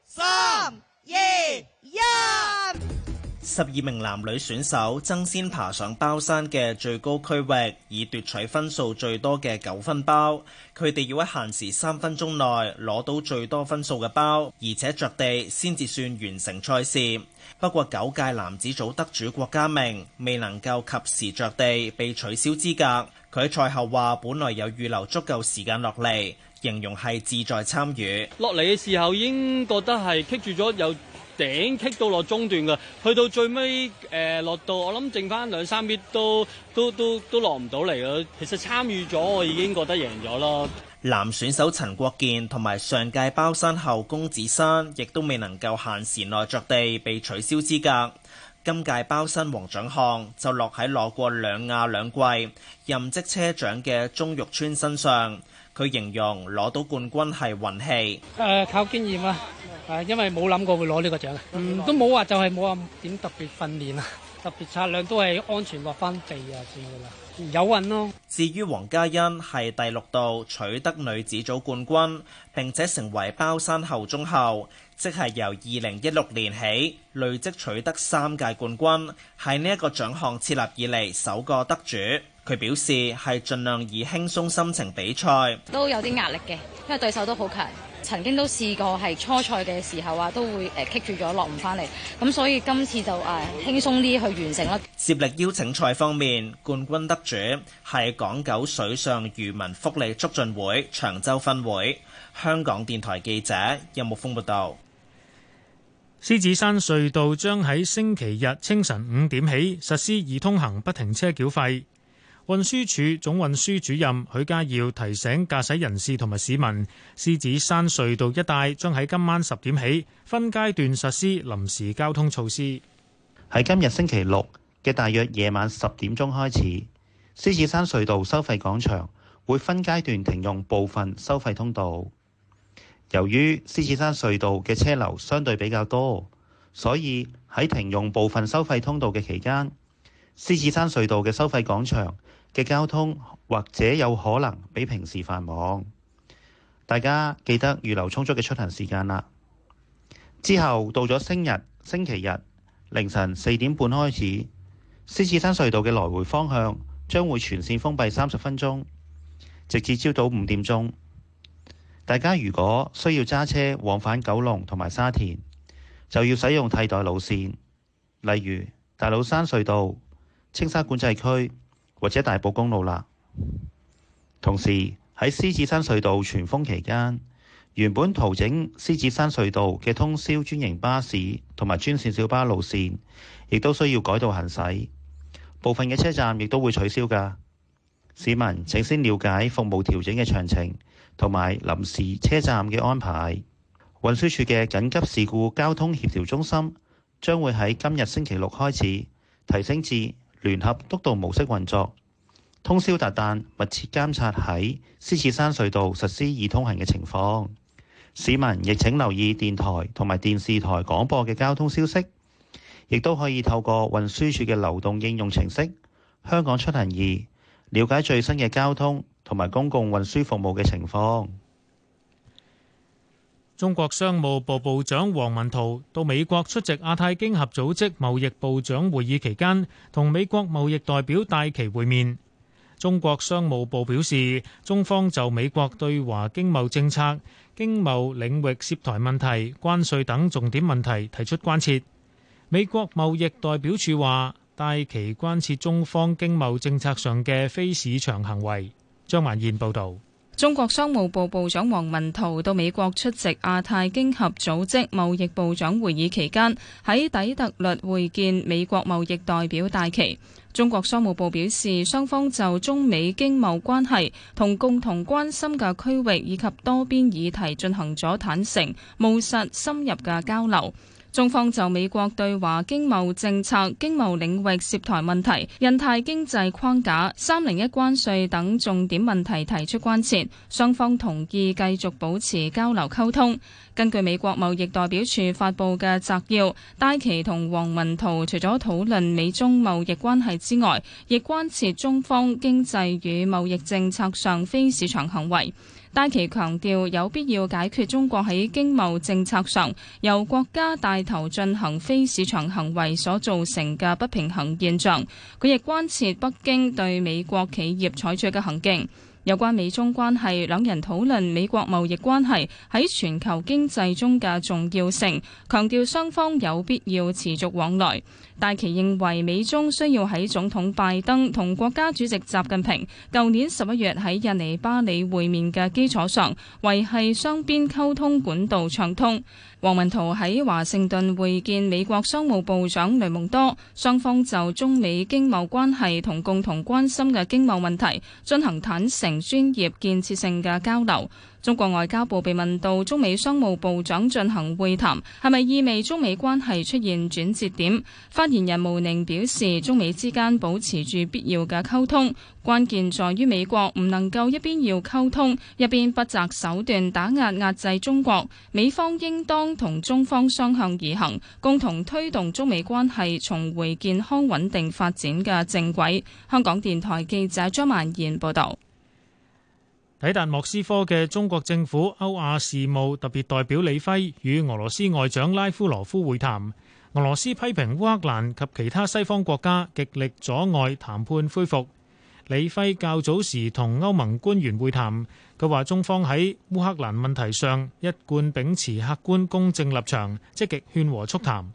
三、二、一。十二名男女選手爭先爬上包山嘅最高區域，以奪取分數最多嘅九分包。佢哋要喺限時三分鐘內攞到最多分數嘅包，而且着地先至算完成賽事。不過，九屆男子組得主郭嘉明未能夠及時着地，被取消資格。佢喺賽後話：本來有預留足夠時間落嚟，形容係志在參與。落嚟嘅時候已經覺得係棘住咗，有。頂棘到落中段㗎，去到最尾誒落到，我諗剩翻兩三米都都都都落唔到嚟㗎。其實參與咗，我已經覺得贏咗啦。男選手陳國健同埋上屆包山後公子山，亦都未能夠限時內着地，被取消資格。今屆包山王獎項就落喺攞過兩亞兩季任職車長嘅鍾玉川身上。佢形容攞到冠軍係運氣，誒靠經驗啊，誒因為冇諗過會攞呢個獎，嗯、都冇話就係冇話點特別訓練啊，特別策略都係安全落翻地啊之類啦，有運咯。至於黃嘉欣係第六度取得女子組冠軍，並且成為包山后中后，即係由二零一六年起累積取得三屆冠軍，係呢一個獎項設立以嚟首個得主。佢表示係盡量以輕鬆心情比賽，都有啲壓力嘅，因為對手都好強。曾經都試過係初賽嘅時候啊，都會誒棘住咗落唔翻嚟，咁所以今次就誒輕鬆啲去完成啦。接力邀請賽方面，冠軍得主係港九水上漁民福利促進會長洲分會。香港電台記者任木峰報導。獅子山隧道將喺星期日清晨五點起實施易通行不停車繳費。運輸署總運輸主任許家耀提醒駕駛人士同埋市民，獅子山隧道一帶將喺今晚十點起分階段實施臨時交通措施。喺今日星期六嘅大約夜晚十點鐘開始，獅子山隧道收費廣場會分階段停用部分收費通道。由於獅子山隧道嘅車流相對比較多，所以喺停用部分收費通道嘅期間，獅子山隧道嘅收費廣場。嘅交通或者有可能比平時繁忙，大家記得預留充足嘅出行時間啦。之後到咗星日星期日凌晨四點半開始，獅子山隧道嘅來回方向將會全線封閉三十分鐘，直至朝早五點鐘。大家如果需要揸車往返九龍同埋沙田，就要使用替代路線，例如大老山隧道、青沙管制區。或者大埔公路啦。同時喺獅子山隧道全封期間，原本途經獅子山隧道嘅通宵專營巴士同埋專線小巴路線，亦都需要改道行駛。部分嘅車站亦都會取消㗎。市民請先了解服務調整嘅詳情同埋臨時車站嘅安排。運輸署嘅緊急事故交通協調中心將會喺今日星期六開始提升至聯合督導模式運作，通宵達旦密切監察喺獅子山隧道實施易通行嘅情況。市民亦請留意電台同埋電視台廣播嘅交通消息，亦都可以透過運輸署嘅流動應用程式《香港出行易》了解最新嘅交通同埋公共運輸服務嘅情況。中國商務部部長王文濤到美國出席亞太經合組織貿易部長會議期間，同美國貿易代表戴琪會面。中國商務部表示，中方就美國對華經貿政策、經貿領域涉台問題、關稅等重點問題提出關切。美國貿易代表處話，戴琪關切中方經貿政策上嘅非市場行為。張環燕報道。中國商務部部長王文濤到美國出席亞太經合組織貿易部長會議期間，喺底特律會見美國貿易代表戴琪。中國商務部表示，雙方就中美經貿關係同共同關心嘅區域以及多邊議題進行咗坦誠、務實、深入嘅交流。中方就美國對華經貿政策、經貿領域涉台問題、印太經濟框架、三零一關稅等重點問題提出關切，雙方同意繼續保持交流溝通。根據美國貿易代表處發布嘅摘要，戴琪同黃文濤除咗討論美中貿易關係之外，亦關切中方經濟與貿易政策上非市場行為。戴奇強調有必要解決中國喺經貿政策上由國家帶頭進行非市場行為所造成嘅不平衡現象。佢亦關切北京對美國企業採取嘅行徑。有關美中關係，兩人討論美國貿易關係喺全球經濟中嘅重要性，強調雙方有必要持續往來。戴琪認為，美中需要喺總統拜登同國家主席習近平舊年十一月喺印尼巴里會面嘅基礎上，維繫雙邊溝通管道暢通。王文濤喺華盛頓會見美國商務部長雷蒙多，雙方就中美經貿關係同共同關心嘅經貿問題進行坦誠、專業、建設性嘅交流。中國外交部被問到中美商務部長進行會談係咪意味中美關係出現轉折點？發言人毛寧表示，中美之間保持住必要嘅溝通，關鍵在於美國唔能夠一邊要溝通，一邊不擇手段打壓壓制中國。美方應當同中方雙向而行，共同推動中美關係重回健康穩定發展嘅正軌。香港電台記者張曼燕報道。抵達莫斯科嘅中國政府歐亞事務特別代表李輝與俄羅斯外長拉夫羅夫會談。俄羅斯批評烏克蘭及其他西方國家極力阻礙談判恢復。李輝較早時同歐盟官員會談，佢話中方喺烏克蘭問題上一貫秉持客觀公正立場，積極勸和促談。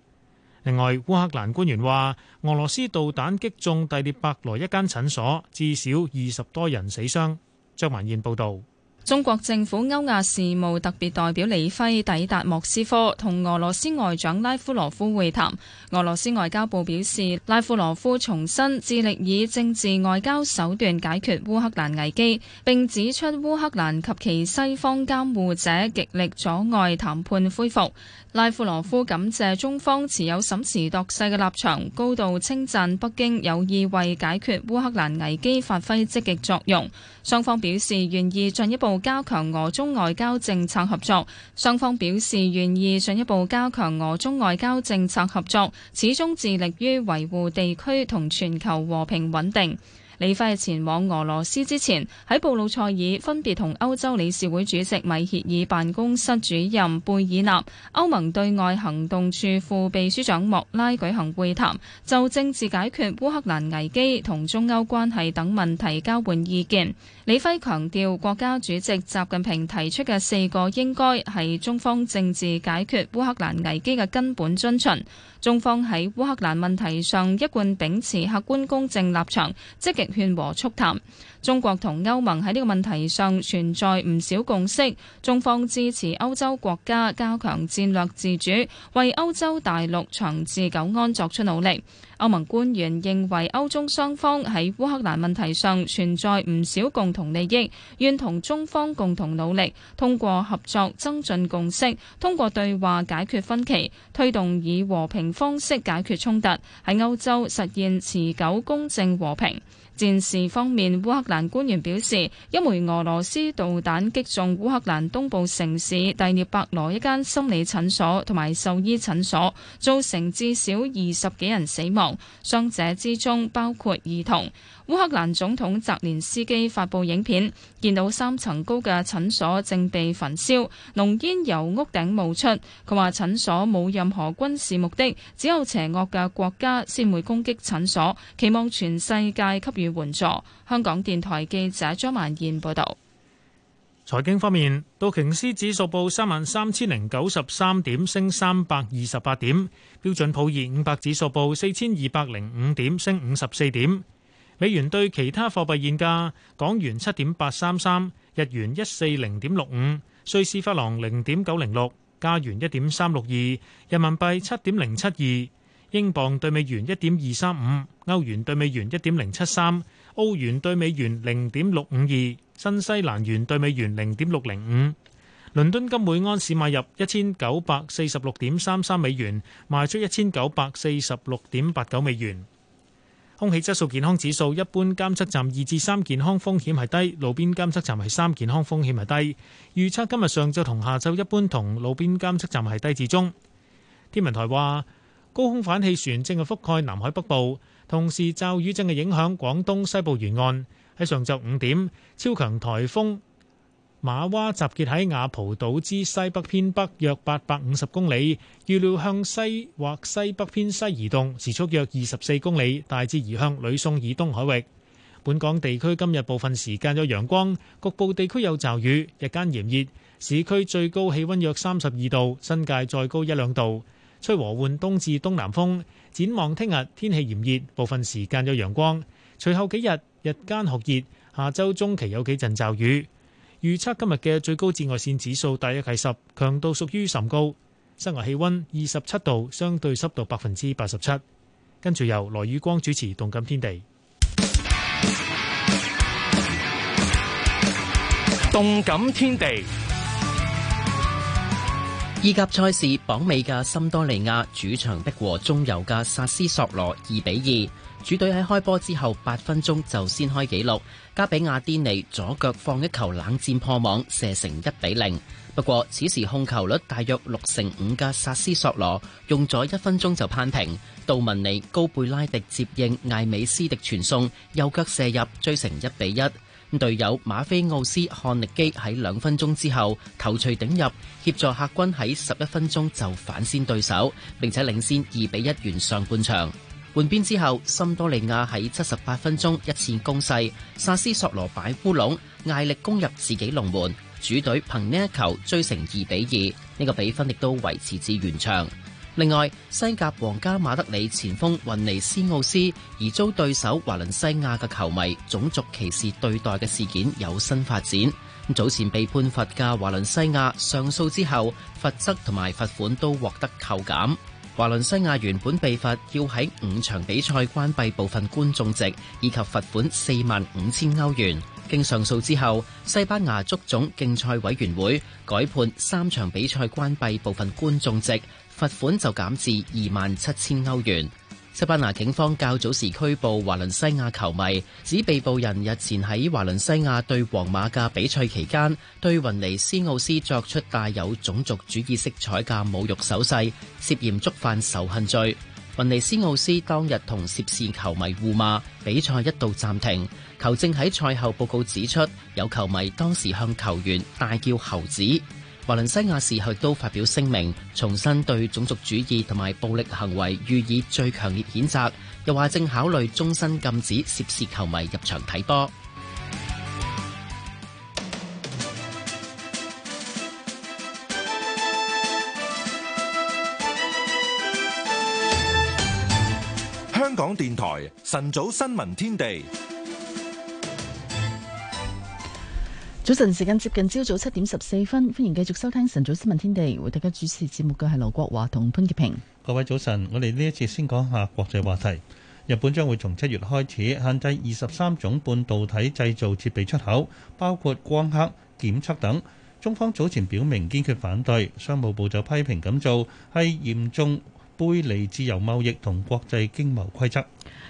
另外，烏克蘭官員話，俄羅斯導彈擊中第聶伯羅一間診所，至少二十多人死傷。張文燕報道，中國政府歐亞事務特別代表李輝抵達莫斯科，同俄羅斯外長拉夫羅夫會談。俄羅斯外交部表示，拉夫羅夫重申致力以政治外交手段解決烏克蘭危機，並指出烏克蘭及其西方監護者極力阻礙談判恢復。拉夫羅夫感謝中方持有審時度勢嘅立場，高度稱讚北京有意為解決烏克蘭危機發揮積極作用。雙方表示願意進一步加強俄中外交政策合作。雙方表示願意進一步加強俄中外交政策合作，始終致力於維護地區同全球和平穩定。李輝前往俄羅斯之前，喺布魯塞爾分別同歐洲理事會主席米歇爾辦公室主任貝爾納、歐盟對外行動處副秘書長莫拉舉行會談，就政治解決烏克蘭危機同中歐關係等問題交換意見。李輝強調，國家主席習近平提出嘅四個應該係中方政治解決烏克蘭危機嘅根本遵循。中方喺烏克蘭問題上一貫秉持客觀公正立場，積極勸和促談。中國同歐盟喺呢個問題上存在唔少共識，中方支持歐洲國家加強戰略自主，為歐洲大陸長治久安作出努力。歐盟官員認為，歐中雙方喺烏克蘭問題上存在唔少共同利益，願同中方共同努力，通過合作增進共識，通過對話解決分歧，推動以和平方式解決衝突，喺歐洲實現持久公正和平。戰事方面，烏克蘭官員表示，一枚俄羅斯導彈擊中烏克蘭東部城市第聶伯羅一間心理診所同埋獸醫診所，造成至少二十幾人死亡，傷者之中包括兒童。烏克蘭總統澤連斯基發布影片，見到三層高嘅診所正被焚燒，濃煙由屋頂冒出。佢話診所冇任何軍事目的，只有邪惡嘅國家先會攻擊診所，期望全世界給予援助。香港電台記者張萬燕報道。財經方面，道瓊斯指數報三萬三千零九十三點，升三百二十八點；標準普爾五百指數報四千二百零五點，升五十四點。美元兌其他貨幣現價：港元七點八三三，日元一四零點六五，瑞士法郎零點九零六，加元一點三六二，人民幣七點零七二。英鎊兌美元一點二三五，歐元兌美元一點零七三，歐元兌美元零點六五二，新西蘭元兌美元零點六零五。倫敦金每安士買入一千九百四十六點三三美元，賣出一千九百四十六點八九美元。空氣質素健康指數一般監測站二至三健康風險係低，路邊監測站係三健康風險係低。預測今日上晝同下晝一般同路邊監測站係低至中。天文台話。高空反氣旋正係覆蓋南海北部，同時驟雨正係影響廣東西部沿岸。喺上晝五點，超強颱風馬娃集結喺雅浦島之西北偏北約八百五十公里，預料向西或西北偏西移動，時速約二十四公里，大致移向呂宋以東海域。本港地區今日部分時間有陽光，局部地區有驟雨，日間炎熱，市區最高氣温約三十二度，新界再高一兩度。吹和緩東至東南風，展望聽日天氣炎熱，部分時間有陽光。隨後幾日日間酷熱，下周中期有幾陣驟雨。預測今日嘅最高紫外線指數大約係十，強度屬於甚高。室外氣温二十七度，相對濕度百分之八十七。跟住由羅宇光主持《動感天地》。《動感天地》意甲賽事榜尾嘅森多利亞主場逼和中游嘅薩斯索羅二比二。主隊喺開波之後八分鐘就先開紀錄，加比亞丁尼左腳放一球冷箭破網，射成一比零。不過此時控球率大約六成五嘅薩斯索羅用咗一分鐘就攀平，杜文尼高貝拉迪接應艾美斯迪傳送右腳射入，追成一比一。隊友馬菲奧斯漢力基喺兩分鐘之後頭槌頂入，協助客軍喺十一分鐘就反先對手，並且領先二比一完上半場。換邊之後，森多利亞喺七十八分鐘一次攻勢，薩斯索羅擺烏龍，艾力攻入自己龍門，主隊憑呢一球追成二比二，呢個比分亦都維持至完場。另外，西甲皇家馬德里前鋒雲尼斯奧斯而遭對手華倫西亞嘅球迷種族歧視對待嘅事件有新發展。早前被判罰嘅華倫西亞上訴之後罰則同埋罰款都獲得扣減，華倫西亞原本被罰要喺五場比賽關閉部分觀眾席，以及罰款四萬五千歐元。經上訴之後西班牙足總競賽委員會改判三場比賽關閉部分觀眾席。罰款就減至二萬七千歐元。西班牙警方較早時拘捕華倫西亞球迷，指被捕人日前喺華倫西亞對皇馬嘅比賽期間，對雲尼斯奧斯作出帶有種族主義色彩嘅侮辱手勢，涉嫌觸犯仇恨罪。雲尼斯奧斯當日同涉事球迷互罵，比賽一度暫停。球證喺賽後報告指出，有球迷當時向球員大叫猴子。華倫西亞事後都發表聲明，重申對種族主義同埋暴力行為予以最強烈譴責，又話正考慮終身禁止涉事球迷入場睇波。香港電台晨早新聞天地。早晨，時間接近朝早七點十四分，歡迎繼續收聽晨早新聞天地。為大家主持節目嘅係劉國華同潘潔平。各位早晨，我哋呢一次先講下國際話題。日本將會從七月開始限制二十三種半導體製造設備出口，包括光刻、檢測等。中方早前表明堅決反對，商務部就批評咁做係嚴重背離自由貿易同國際經貿規則。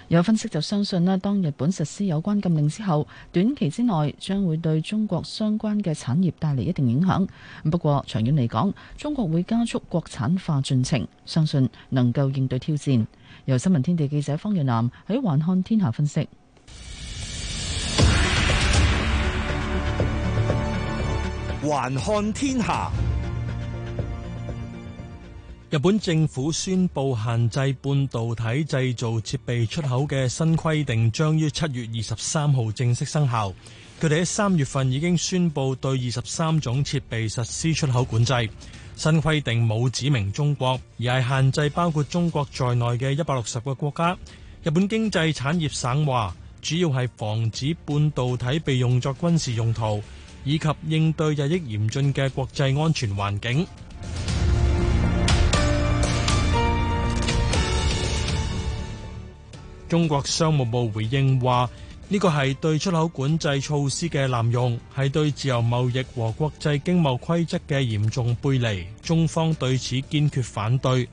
有分析就相信啦，當日本實施有關禁令之後，短期之內將會對中國相關嘅產業帶嚟一定影響。不過長遠嚟講，中國會加速國產化進程，相信能夠應對挑戰。由新聞天地記者方日南喺《橫看天下》分析，《橫看天下》。日本政府宣布限制半導體製造設備出口嘅新規定，將於七月二十三號正式生效。佢哋喺三月份已經宣布對二十三種設備實施出口管制。新規定冇指明中國，而係限制包括中國在內嘅一百六十個國家。日本經濟產業省話，主要係防止半導體被用作軍事用途，以及應對日益嚴峻嘅國際安全環境。中國商務部回應話：呢個係對出口管制措施嘅濫用，係對自由貿易和國際經貿規則嘅嚴重背離，中方對此堅決反對。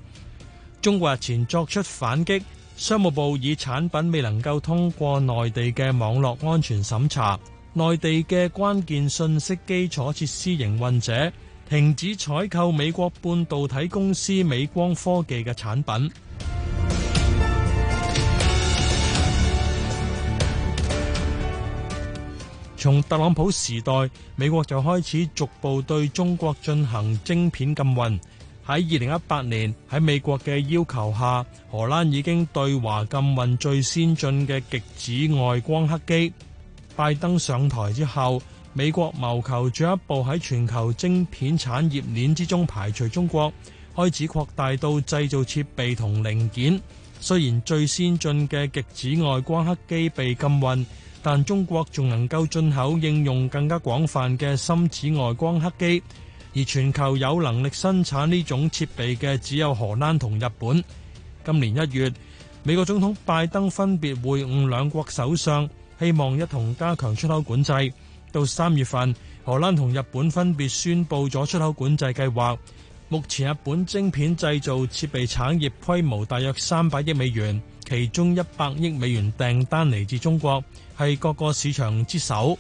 中國日前作出反擊，商務部以產品未能夠通過內地嘅網絡安全審查，內地嘅關鍵信息基礎設施營運者停止採購美國半導體公司美光科技嘅產品。從特朗普時代，美國就開始逐步對中國進行晶片禁運。喺二零一八年，喺美國嘅要求下，荷蘭已經對華禁運最先進嘅極紫外光刻機。拜登上台之後，美國謀求進一步喺全球晶片產業鏈之中排除中國，開始擴大到製造設備同零件。雖然最先進嘅極紫外光刻機被禁運。但中國仲能夠進口應用更加廣泛嘅深紫外光刻機，而全球有能力生產呢種設備嘅只有荷蘭同日本。今年一月，美國總統拜登分別會晤兩國首相，希望一同加強出口管制。到三月份，荷蘭同日本分別宣布咗出口管制計劃。目前，日本晶片製造設備產業規模大約三百億美元。其中一百億美元訂單嚟自中國，係各個市場之首。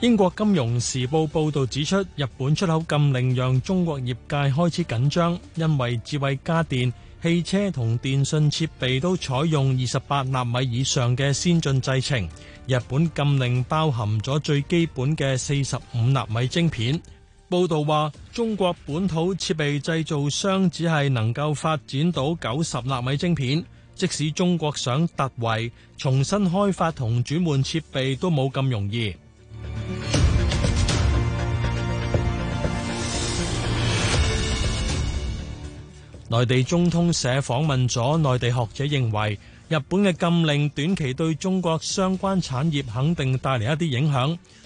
英國金融時報報道指出，日本出口禁令讓中國業界開始緊張，因為智慧家電、汽車同電信設備都採用二十八納米以上嘅先進製程。日本禁令包含咗最基本嘅四十五納米晶片。報道話，中國本土設備製造商只係能夠發展到九十納米晶片，即使中國想突圍，重新開發同轉換設備都冇咁容易。 [noise] 內地中通社訪問咗內地學者，認為日本嘅禁令短期對中國相關產業肯定帶嚟一啲影響。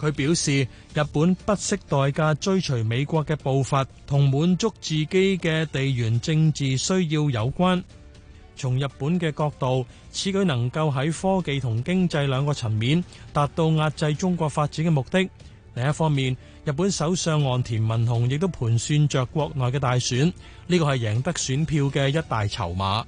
佢表示，日本不惜代價追隨美國嘅步伐，同滿足自己嘅地緣政治需要有關。從日本嘅角度，此舉能夠喺科技同經濟兩個層面達到壓制中國發展嘅目的。另一方面，日本首相岸田文雄亦都盤算着國內嘅大選，呢個係贏得選票嘅一大籌碼。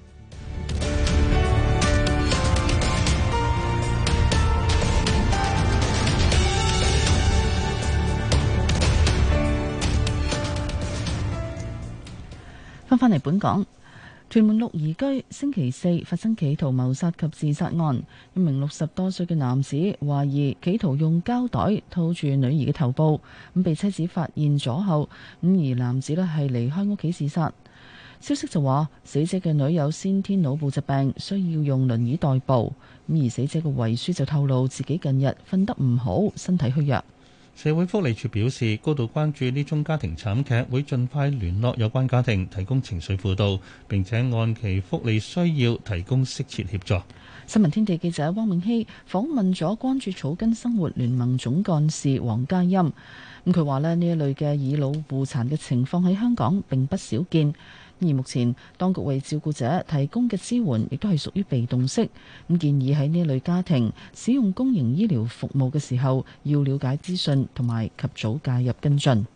返嚟本港，屯門鹿怡居星期四發生企圖謀殺及自殺案，一名六十多歲嘅男子懷疑企圖用膠袋套住女兒嘅頭部，咁被妻子發現咗後，咁而男子呢係離開屋企自殺。消息就話死者嘅女友先天腦部疾病需要用輪椅代步，咁而死者嘅遺書就透露自己近日瞓得唔好，身體虛弱。社會福利署表示高度關注呢宗家庭慘劇，會盡快聯絡有關家庭，提供情緒輔導，並且按其福利需要提供適切協助。新聞天地記者汪明熙訪問咗關注草根生活聯盟總幹事黃嘉音，咁佢話咧呢一類嘅以老護殘嘅情況喺香港並不少見。而目前，當局為照顧者提供嘅支援亦都係屬於被動式。咁建議喺呢類家庭使用公營醫療服務嘅時候，要了解資訊同埋及早介入跟進。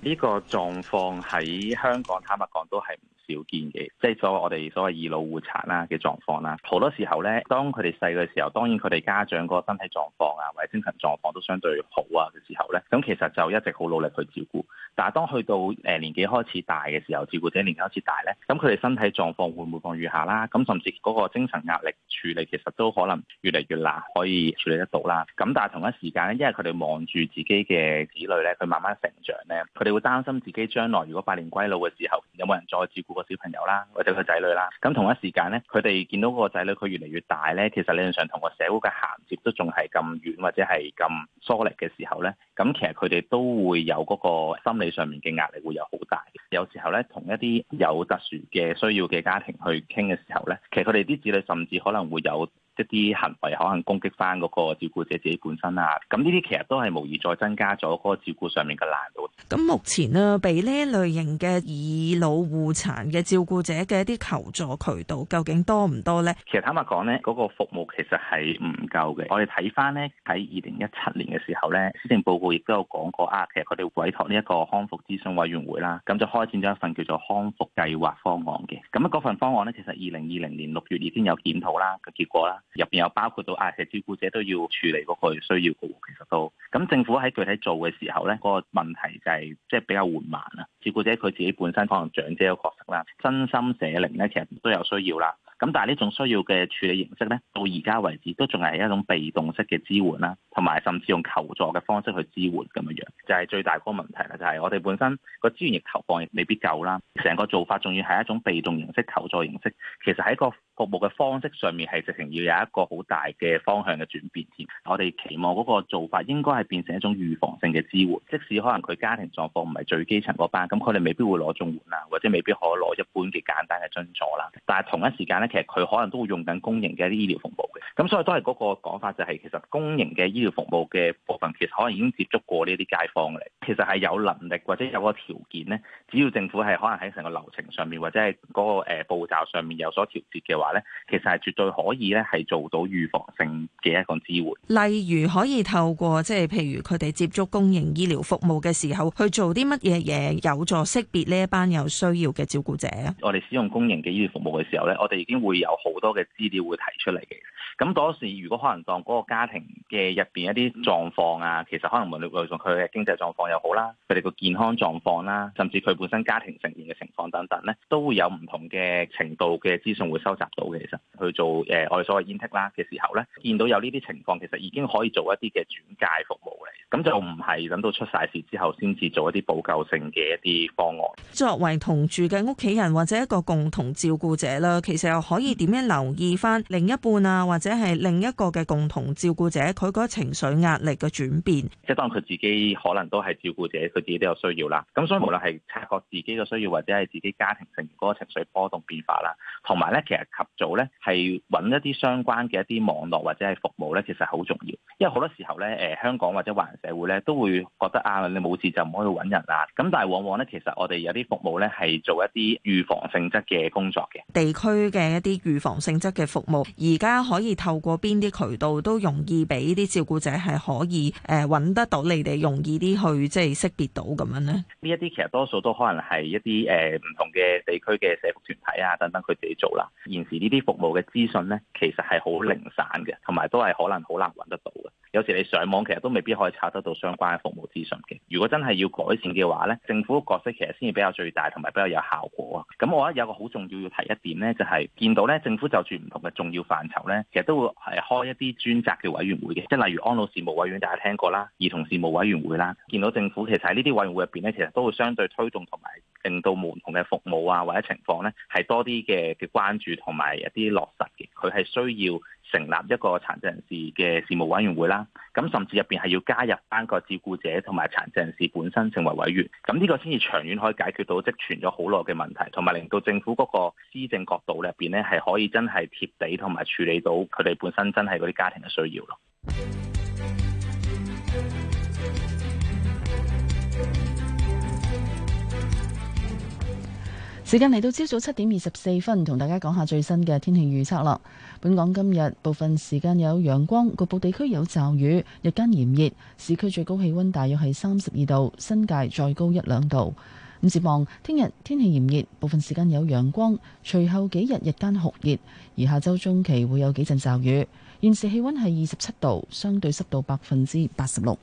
呢個狀況喺香港坦白講都係唔少見嘅，即係所謂我哋所謂二老互殘啦嘅狀況啦。好多時候咧，當佢哋細嘅時候，當然佢哋家長個身體狀況啊，或者精神狀況都相對好啊嘅時候咧，咁其實就一直好努力去照顧。但係當去到誒年紀開始大嘅時候，照顧者年紀開始大咧，咁佢哋身體狀況會每況愈下啦。咁甚至嗰個精神壓力處理其實都可能越嚟越難可以處理得到啦。咁但係同一時間咧，因為佢哋望住自己嘅子女咧，佢慢慢成長咧，佢哋會擔心自己將來如果百年歸老嘅時候，有冇人再照顧。個小朋友啦，或者佢仔女啦，咁同一時間呢，佢哋見到個仔女佢越嚟越大呢，其實理論上同個社會嘅銜接都仲係咁遠或者係咁疏離嘅時候呢，咁其實佢哋都會有嗰個心理上面嘅壓力，會有好大。有時候呢，同一啲有特殊嘅需要嘅家庭去傾嘅時候呢，其實佢哋啲子女甚至可能會有。一啲行為可能攻擊翻嗰個照顧者自己本身啊，咁呢啲其實都係無疑再增加咗嗰個照顧上面嘅難度。咁目前咧、啊，俾呢類型嘅以老護殘嘅照顧者嘅一啲求助渠道，究竟多唔多咧？其實坦白講咧，嗰、嗰個服務其實係唔夠嘅。我哋睇翻咧喺二零一七年嘅時候咧，施政報告亦都有講過啊。其實佢哋委託呢一個康復諮詢委員會啦，咁就開展咗一份叫做康復計劃方案嘅。咁啊，嗰份方案咧，其實二零二零年六月已經有檢討啦嘅結果啦。入邊有包括到啊，其照顧者都要處理嗰個需要嘅，其實都咁，政府喺具體做嘅時候咧，嗰個問題就係即係比較緩慢啦。照顧者佢自己本身可能長者嘅角色啦，身心社靈咧其實都有需要啦。咁但係呢種需要嘅處理形式咧，到而家為止都仲係一種被動式嘅支援啦，同埋甚至用求助嘅方式去支援咁樣樣，就係最大嗰個問題啦。就係我哋本身個資源亦投放亦未必夠啦，成個做法仲要係一種被動形式求助形式，其實喺個服務嘅方式上面係直情要有一個好大嘅方向嘅轉變添。我哋期望嗰個做法應該係變成一種預防性嘅支援，即使可能佢家庭狀況唔係最基層嗰班，咁佢哋未必會攞綜援啦，或者未必可攞一般嘅簡單嘅津助啦，但係同一時間其實佢可能都會用緊公營嘅一啲醫療服務嘅，咁所以都係嗰個講法就係、是，其實公營嘅醫療服務嘅部分，其實可能已經接觸過呢啲街坊嚟。其實係有能力或者有個條件呢，只要政府係可能喺成個流程上面或者係嗰個誒步驟上面有所調節嘅話呢，其實係絕對可以呢，係做到預防性嘅一個支援。例如可以透過即係，譬如佢哋接觸公營醫療服務嘅時候，去做啲乜嘢嘢，有助識別呢一班有需要嘅照顧者。我哋使用公營嘅醫療服務嘅時候呢，我哋已經。會有好多嘅資料會提出嚟嘅。咁嗰時，如果可能當嗰個家庭嘅入邊一啲狀況啊，其實可能無論無論佢嘅經濟狀況又好啦，佢哋個健康狀況啦，甚至佢本身家庭成員嘅情況等等咧，都會有唔同嘅程度嘅資訊會收集到嘅。其實去做誒、呃、我哋所謂 intake 啦嘅時候咧，見到有呢啲情況，其實已經可以做一啲嘅轉介服務嚟，咁就唔係諗到出晒事之後先至做一啲補救性嘅一啲方案。作為同住嘅屋企人或者一個共同照顧者啦，其實又可以點樣留意返另一半啊，或者，或者係另一個嘅共同照顧者，佢個情緒壓力嘅轉變。即係當佢自己可能都係照顧者，佢自己都有需要啦。咁所以無論係察覺自己嘅需要，或者係自己家庭成員嗰個情緒波動變化啦，同埋咧，其實及早咧係揾一啲相關嘅一啲網絡或者係服務咧，其實好重要。因為好多時候咧，誒香港或者華人社會咧，都會覺得啊，你冇事就唔可以揾人啦。咁但係往往咧，其實我哋有啲服務咧係做一啲預防性質嘅工作嘅。地區嘅一啲預防性質嘅服務，而家可以。透過邊啲渠道都容易俾啲照顧者係可以誒揾得到，你哋容易啲去即係識別到咁樣呢？呢一啲其實多數都可能係一啲誒唔同嘅地區嘅社服團體啊、等等佢哋做啦。現時呢啲服務嘅資訊呢，其實係好零散嘅，同埋都係可能好難揾得到嘅。有時你上網其實都未必可以查得到相關嘅服務資訊嘅。如果真係要改善嘅話呢，政府嘅角色其實先至比較最大同埋比較有效果啊。咁我覺得有個好重要要提一點呢，就係見到呢政府就住唔同嘅重要範疇呢。都會係開一啲專責嘅委員會嘅，即係例如安老事務委員，大家聽過啦；兒童事務委員會啦，見到政府其實喺呢啲委員會入邊咧，其實都會相對推動同埋令到唔同嘅服務啊，或者情況咧係多啲嘅嘅關注同埋一啲落實嘅，佢係需要。成立一個殘疾人士嘅事務委員會啦，咁甚至入邊係要加入翻個照顧者同埋殘疾人士本身成為委員，咁呢個先至長遠可以解決到積存咗好耐嘅問題，同埋令到政府嗰個施政角度入邊咧係可以真係貼地同埋處理到佢哋本身真係嗰啲家庭嘅需要咯。時間嚟到朝早七點二十四分，同大家講下最新嘅天氣預測啦。本港今日部分時間有陽光，局部地區有驟雨，日間炎熱，市區最高氣温大約係三十二度，新界再高一兩度。咁展望，聽日天氣炎熱，部分時間有陽光，隨後幾日日間酷熱，而下周中期會有幾陣驟雨。現時氣温係二十七度，相對濕度百分之八十六。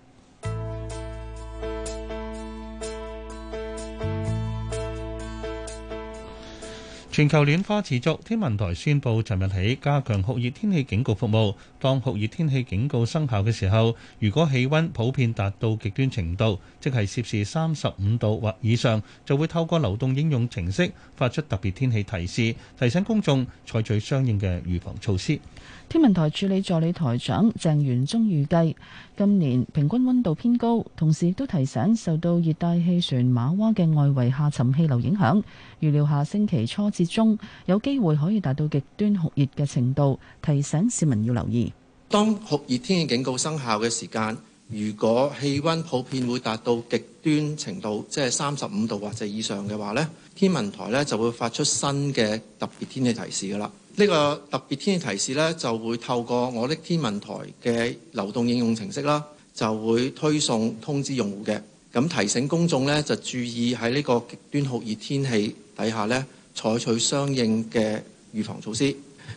全球暖化持續，天文台宣布，尋日起加強酷熱天氣警告服務。當酷熱天氣警告生效嘅時候，如果氣温普遍達到極端程度，即係攝氏三十五度或以上，就會透過流動應用程式發出特別天氣提示，提醒公眾採取相應嘅預防措施。天文台處理助理台長鄭元中預計，今年平均温度偏高，同時亦都提醒受到熱帶氣旋馬娃嘅外圍下沉氣流影響，預料下星期初至中有機會可以達到極端酷熱嘅程度，提醒市民要留意。當酷熱天氣警告生效嘅時間，如果氣温普遍會達到極端程度，即係三十五度或者以上嘅話呢，天文台咧就會發出新嘅特別天氣提示噶啦。呢個特別天氣提示呢，就會透過我哋天文台嘅流動應用程式啦，就會推送通知用戶嘅。咁提醒公眾呢，就注意喺呢個極端酷熱天氣底下呢，採取相應嘅預防措施。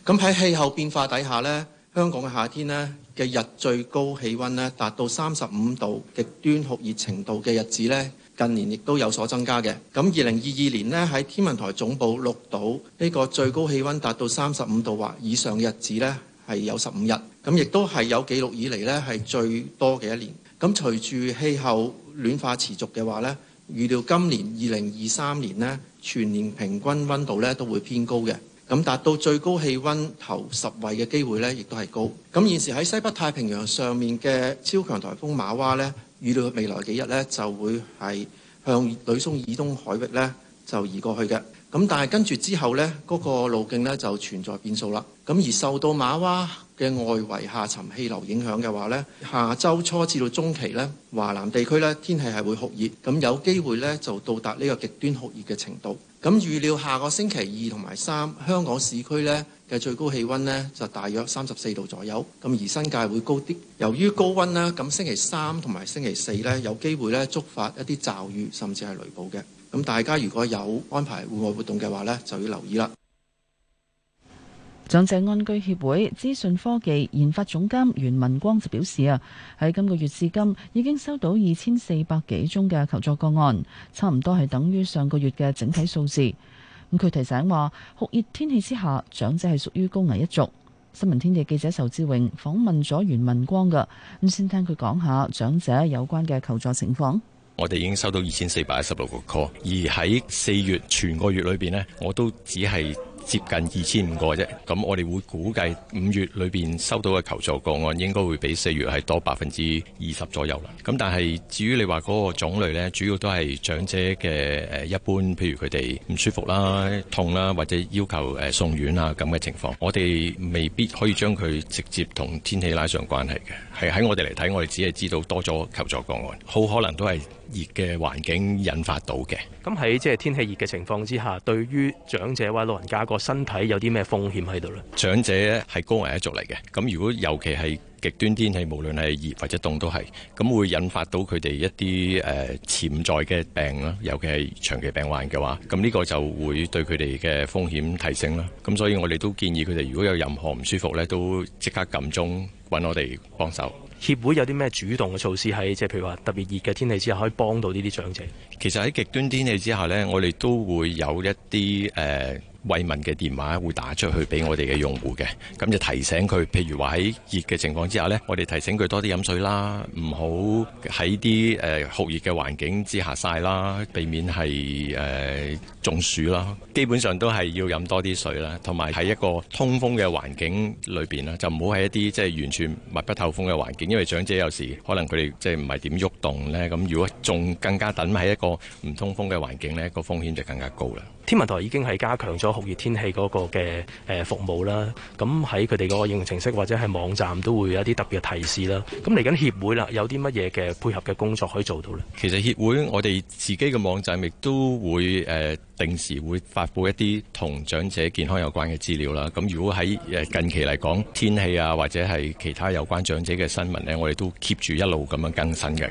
咁喺氣候變化底下呢，香港嘅夏天呢嘅日最高氣溫呢達到三十五度，極端酷熱程度嘅日子呢。近年亦都有所增加嘅。咁二零二二年呢，喺天文台總部錄到呢個最高氣温達到三十五度或以上嘅日子呢，係有十五日。咁亦都係有記錄以嚟呢，係最多嘅一年。咁隨住氣候暖化持續嘅話呢，預料今年二零二三年呢，全年平均温度呢都會偏高嘅。咁達到最高氣温頭十位嘅機會呢，亦都係高。咁現時喺西北太平洋上面嘅超強颱風瑪娃呢。預料未來幾日呢，就會係向呂宋以東海域呢就移過去嘅，咁但係跟住之後呢，嗰、嗰個路徑呢就存在變數啦。咁而受到瑪娃嘅外圍下沉氣流影響嘅話呢，下周初至到中期呢，華南地區呢天氣係會酷熱，咁有機會呢，就到達呢個極端酷熱嘅程度。咁預料下個星期二同埋三，香港市區呢嘅最高氣温呢，就大約三十四度左右，咁而新界會高啲。由於高温呢，咁星期三同埋星期四呢，有機會呢觸發一啲驟雨，甚至係雷暴嘅。咁大家如果有安排戶外活動嘅話呢，就要留意啦。長者安居協會資訊科技研發總監袁文光就表示啊，喺今個月至今已經收到二千四百幾宗嘅求助個案，差唔多係等於上個月嘅整體數字。咁佢提醒話，酷熱天氣之下，長者係屬於高危一族。新聞天地記者仇志榮訪問咗袁文光噶，咁先聽佢講下長者有關嘅求助情況。我哋已經收到二千四百一十六個 call，而喺四月全個月裏邊呢，我都只係。接近二千五個啫，咁我哋會估計五月裏邊收到嘅求助個案應該會比四月係多百分之二十左右啦。咁但係至於你話嗰個種類呢，主要都係長者嘅誒一般，譬如佢哋唔舒服啦、痛啦，或者要求誒送院啊咁嘅情況，我哋未必可以將佢直接同天氣拉上關係嘅。係喺我哋嚟睇，我哋只係知道多咗求助個案，好可能都係。熱嘅環境引發到嘅，咁喺即係天氣熱嘅情況之下，對於長者或老人家個身體有啲咩風險喺度呢？長者係高危一族嚟嘅，咁如果尤其係極端天氣，無論係熱或者凍都係，咁會引發到佢哋一啲誒潛在嘅病啦，尤其係長期病患嘅話，咁呢個就會對佢哋嘅風險提升啦。咁所以我哋都建議佢哋如果有任何唔舒服呢，都即刻撳鐘揾我哋幫手。協會有啲咩主動嘅措施喺即係譬如話特別熱嘅天氣之下，可以幫到呢啲長者？其實喺極端天氣之下呢，我哋都會有一啲誒、呃慰問嘅電話會打出去俾我哋嘅用戶嘅，咁就提醒佢，譬如話喺熱嘅情況之下呢，我哋提醒佢多啲飲水啦，唔好喺啲誒酷熱嘅環境之下曬啦，避免係誒、呃、中暑啦。基本上都係要飲多啲水啦，同埋喺一個通風嘅環境裏邊啦，就唔好喺一啲即係完全密不透風嘅環境，因為長者有時可能佢哋即係唔係點喐動呢。咁如果仲更加等喺一個唔通風嘅環境呢，個風險就更加高啦。天文台已經係加強咗酷熱天氣嗰個嘅誒服務啦，咁喺佢哋嗰個應用程式或者係網站都會有一啲特別嘅提示啦。咁嚟緊協會啦，有啲乜嘢嘅配合嘅工作可以做到咧？其實協會我哋自己嘅網站亦都會誒、呃，定時會發佈一啲同長者健康有關嘅資料啦。咁如果喺近期嚟講天氣啊，或者係其他有關長者嘅新聞咧，我哋都 keep 住一路咁樣更新嘅。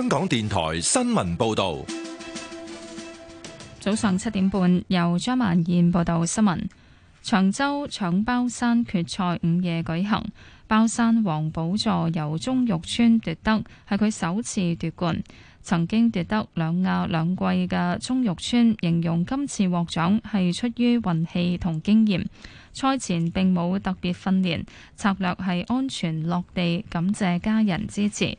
香港電台新聞報道，早上七點半由張曼燕報道新聞。長洲搶包山決賽午夜舉行，包山王寶座由鍾玉川奪得，係佢首次奪冠。曾經奪得兩亞兩季嘅鍾玉川形容今次獲獎係出於運氣同經驗，賽前並冇特別訓練，策略係安全落地，感謝家人支持。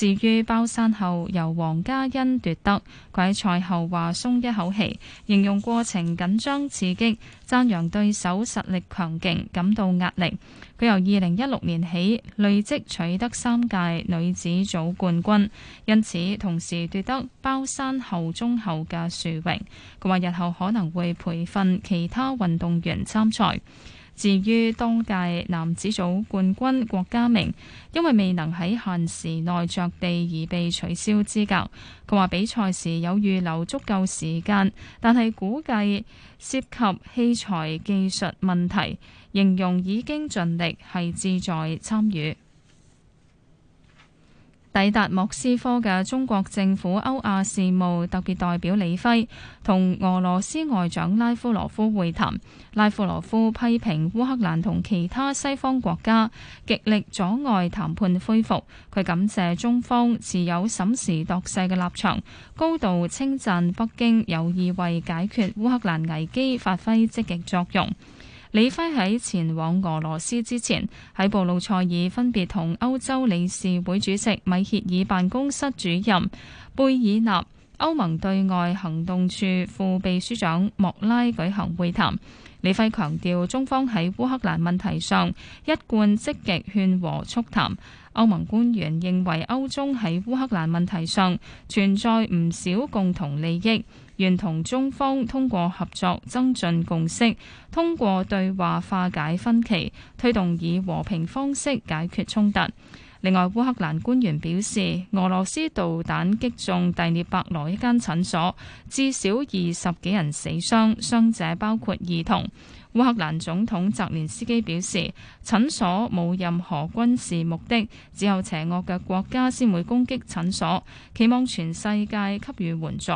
至於包山后由黃嘉欣奪得，佢喺賽後話鬆一口氣，形容過程緊張刺激，讚揚對手實力強勁，感到壓力。佢由二零一六年起累積取得三屆女子組冠軍，因此同時奪得包山后中后嘅殊榮。佢話日後可能會培訓其他運動員參賽。至於當屆男子組冠軍郭家明，因為未能喺限時內着地而被取消資格。佢話比賽時有預留足夠時間，但係估計涉及器材技術問題，形容已經盡力係志在參與。抵達莫斯科嘅中國政府歐亞事務特別代表李輝同俄羅斯外長拉夫羅夫會談。拉夫羅夫批評烏克蘭同其他西方國家極力阻礙談判恢復。佢感謝中方持有審時度勢嘅立場，高度稱讚北京有意為解決烏克蘭危機發揮積極作用。李輝喺前往俄羅斯之前，喺布魯塞爾分別同歐洲理事會主席米歇爾辦公室主任貝爾納、歐盟對外行動處副秘書長莫拉舉行會談。李輝強調，中方喺烏克蘭問題上一貫積極勸和促談。歐盟官員認為，歐中喺烏克蘭問題上存在唔少共同利益。願同中方通過合作增進共識，通過對話化解分歧，推動以和平方式解決衝突。另外，烏克蘭官員表示，俄羅斯導彈擊中第聶伯羅一間診所，至少二十幾人死傷，傷者包括兒童。烏克蘭總統澤連斯基表示，診所冇任何軍事目的，只有邪惡嘅國家先會攻擊診所。期望全世界給予援助。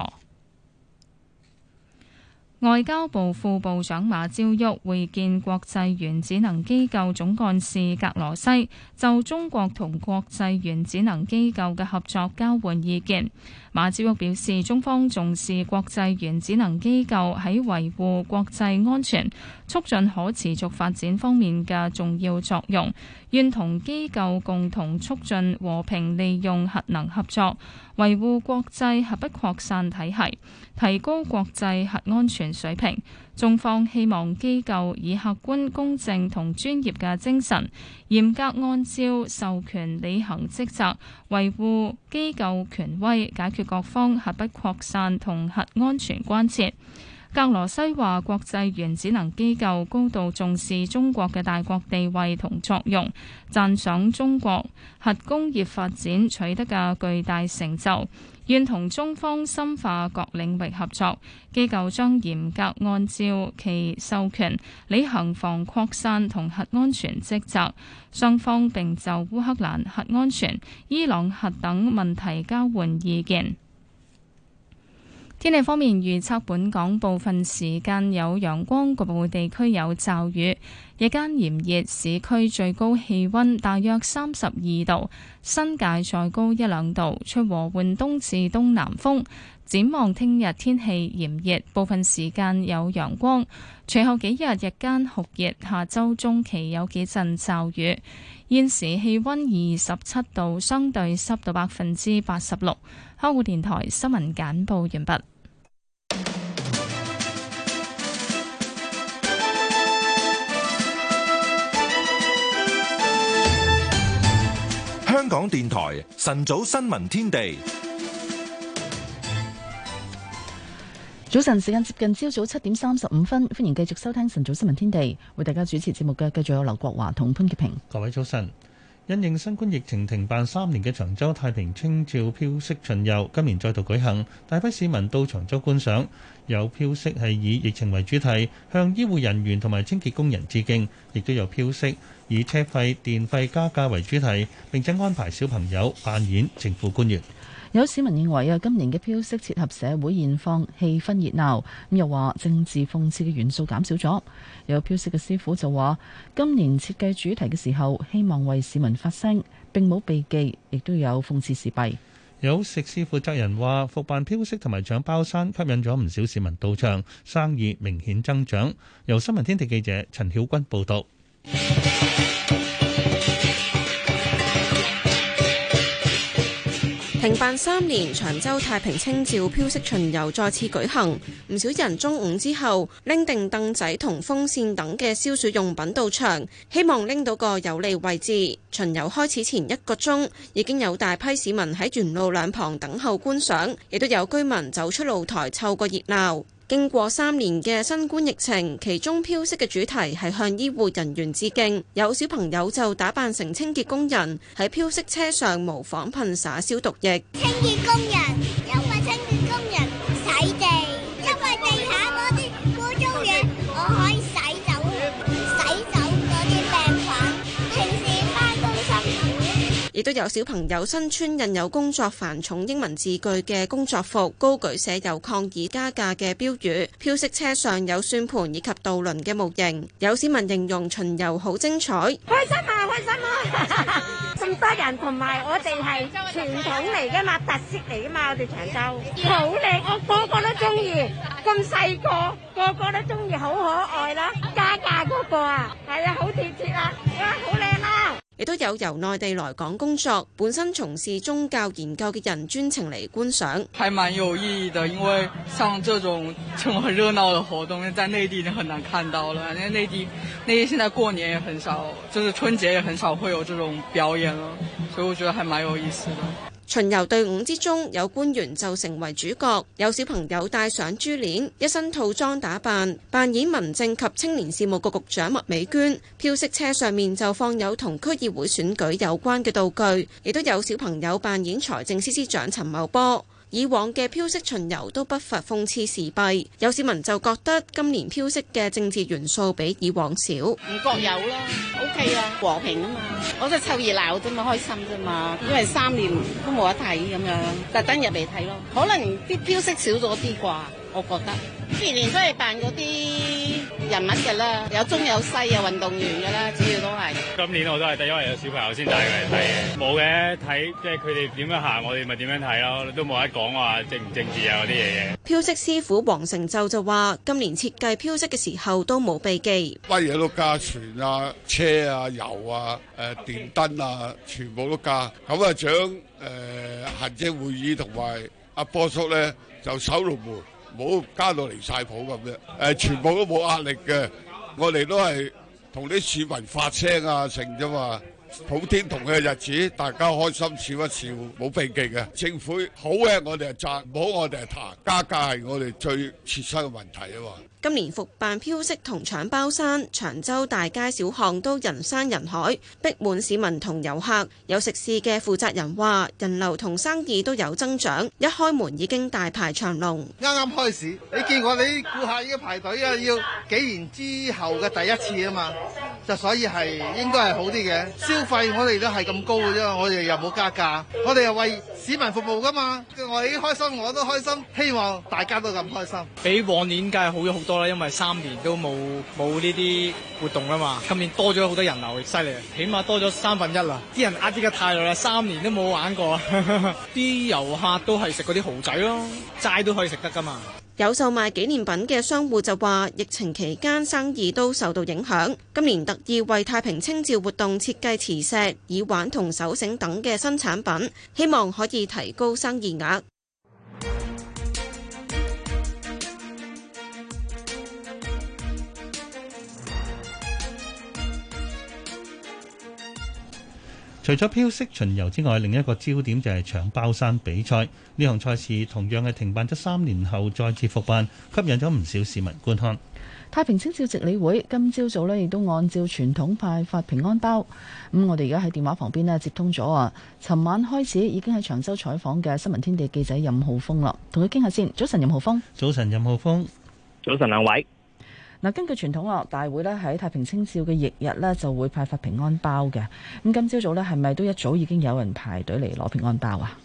外交部副部長馬朝旭會見國際原子能機構總幹事格羅西，就中國同國際原子能機構嘅合作交換意見。馬志國表示，中方重視國際原子能機構喺維護國際安全、促進可持續發展方面嘅重要作用，願同機構共同促進和平利用核能合作，維護國際核不擴散體系，提高國際核安全水平。中方希望機構以客觀、公正同專業嘅精神，嚴格按照授權履行職責，維護機構權威，解決各方核不擴散同核安全關切。格羅西話：國際原子能機構高度重視中國嘅大國地位同作用，讚賞中國核工業發展取得嘅巨大成就。願同中方深化各領域合作，機構將嚴格按照其授權履行防擴散同核安全職責，雙方並就烏克蘭核安全、伊朗核等問題交換意見。天氣方面預測本港部，部分時間有陽光，局部地區有驟雨。日間炎熱，市區最高氣溫大約三十二度，新界再高一兩度。吹和緩東至東南風。展望聽日天，天氣炎熱，部分時間有陽光。隨後幾日日間酷熱，下周中期有幾陣驟雨。現時氣溫二十七度，相對濕度百分之八十六。香港電台新聞簡報完畢。香港電台晨早新聞天地，早晨時間接近朝早七點三十五分，歡迎繼續收聽晨早新聞天地，為大家主持節目嘅繼續有劉國華同潘潔平，各位早晨。因應新冠疫情停辦三年嘅長洲太平清醮飄色巡遊，今年再度舉行，大批市民到長洲觀賞。有飄色係以疫情為主題，向醫護人員同埋清潔工人致敬，亦都有飄色以車費、電費加價為主題，並且安排小朋友扮演政府官員。有市民認為啊，今年嘅飄色切合社會現況，氣氛熱鬧。咁又話政治諷刺嘅元素減少咗。有飄色嘅師傅就話，今年設計主題嘅時候，希望為市民發聲，並冇避忌，亦都有諷刺時弊。有食肆負責人話，復辦飄色同埋搶包山吸引咗唔少市民到場，生意明顯增長。由新聞天地記者陳曉君報道。 [laughs] 停辦三年，長洲太平清醮飄色巡遊再次舉行，唔少人中午之後拎定凳仔同風扇等嘅消暑用品到場，希望拎到個有利位置。巡遊開始前一個鐘，已經有大批市民喺沿路兩旁等候觀賞，亦都有居民走出露台湊個熱鬧。經過三年嘅新冠疫情，其中飄色嘅主題係向醫護人員致敬。有小朋友就打扮成清潔工人，喺飄色車上模仿噴灑消毒液。清潔工人。亦都有小朋友身穿印有工作繁重英文字句嘅工作服，高舉寫有抗議加價嘅標語，飄色車上有算盤以及渡輪嘅模型。有市民形容巡遊好精彩，開心啊！開心啊！ [laughs] 咁多人同埋我哋係傳統嚟噶嘛，特色嚟噶嘛，我哋長洲好靚，我個個都中意。咁細個個個都中意，好可愛啦，啊！加價嗰個啊，係啊，好貼切啊，哇，好靚啊！也都有由內地來港工作、本身從事宗教研究嘅人專程嚟觀賞，還蠻有意義嘅。因為像這種這種很熱鬧嘅活動，在內地已經很難看到了。因為內地內地現在過年也很少，就是春節也很少會有這種表演咯，所以我覺得還蠻有意思嘅。巡遊隊伍之中，有官員就成為主角，有小朋友戴上珠鏈，一身套裝打扮，扮演民政及青年事務局局長麥美娟。飄色車上面就放有同區議會選舉有關嘅道具，亦都有小朋友扮演財政司司長陳茂波。以往嘅飄色巡遊都不乏諷刺時弊，有市民就覺得今年飄色嘅政治元素比以往少。唔覺有咯，OK 啊， [laughs] 和平啊嘛，我就湊熱鬧啫嘛，開心啫嘛，因為三年都冇得睇咁樣，特登入嚟睇咯。可能啲飄色少咗啲啩，我覺得。年年都係扮嗰啲。人物嘅啦，有中有西嘅運動員嘅啦，主要都係。今年我都係第一位有小朋友先帶佢嚟睇嘅。冇嘅，睇即係佢哋點樣行，我哋咪點樣睇咯，都冇得講話政唔政治啊嗰啲嘢嘅。飄色師傅黃成就就話，今年設計飄色嘅時候都冇避忌，不如喺度加船啊、車啊、油啊、誒電燈啊，全部都加。咁啊，將、呃、誒行政會議同埋阿波叔咧就守到門。冇加到離晒譜咁樣，誒全部都冇壓力嘅，我哋都係同啲市民發聲啊成啫嘛，普天同慶嘅日子，大家開心，笑一笑冇避忌嘅。政府好嘅，我哋係讚，唔好，我哋係彈，加價係我哋最切身嘅問題啊嘛。今年復辦飄色同搶包山，長洲大街小巷都人山人海，逼滿市民同遊客。有食肆嘅負責人話，人流同生意都有增長，一開門已經大排長龍。啱啱開始，你見我哋顧客依家排隊啊，要幾年之後嘅第一次啊嘛，就所以係應該係好啲嘅。消費我哋都係咁高嘅啫，我哋又冇加價，我哋又為市民服務㗎嘛，我哋開心，我都開心，希望大家都咁開心，比往年梗係好咗好多。因為三年都冇冇呢啲活動啦嘛，今年多咗好多人流，犀利，起碼多咗三分一啦。啲人壓啲嘅太耐壓抑得太耐啦，三年都冇玩過。啲遊客都係食嗰啲蠔仔咯，齋都可以食得噶嘛。有售賣紀念品嘅商戶就話，疫情期間生意都受到影響，今年特意為太平清醮活動設計磁石耳環同手繩等嘅新產品，希望可以提高生意額。除咗飄色巡遊之外，另一個焦點就係搶包山比賽。呢項賽事同樣係停辦咗三年後再次復辦，吸引咗唔少市民觀看。太平清醮值理會今朝早呢，亦都按照傳統派發平安包。咁、嗯、我哋而家喺電話旁邊呢接通咗啊。尋晚開始已經喺長洲採訪嘅新聞天地記者任浩峰啦，同佢傾下先。早晨，早晨，任浩峰。早晨，任浩峰。早晨，兩位。根據傳統哦，大會咧喺太平清醮嘅翌日咧就會派發平安包嘅。咁今朝早咧係咪都一早已經有人排隊嚟攞平安包啊？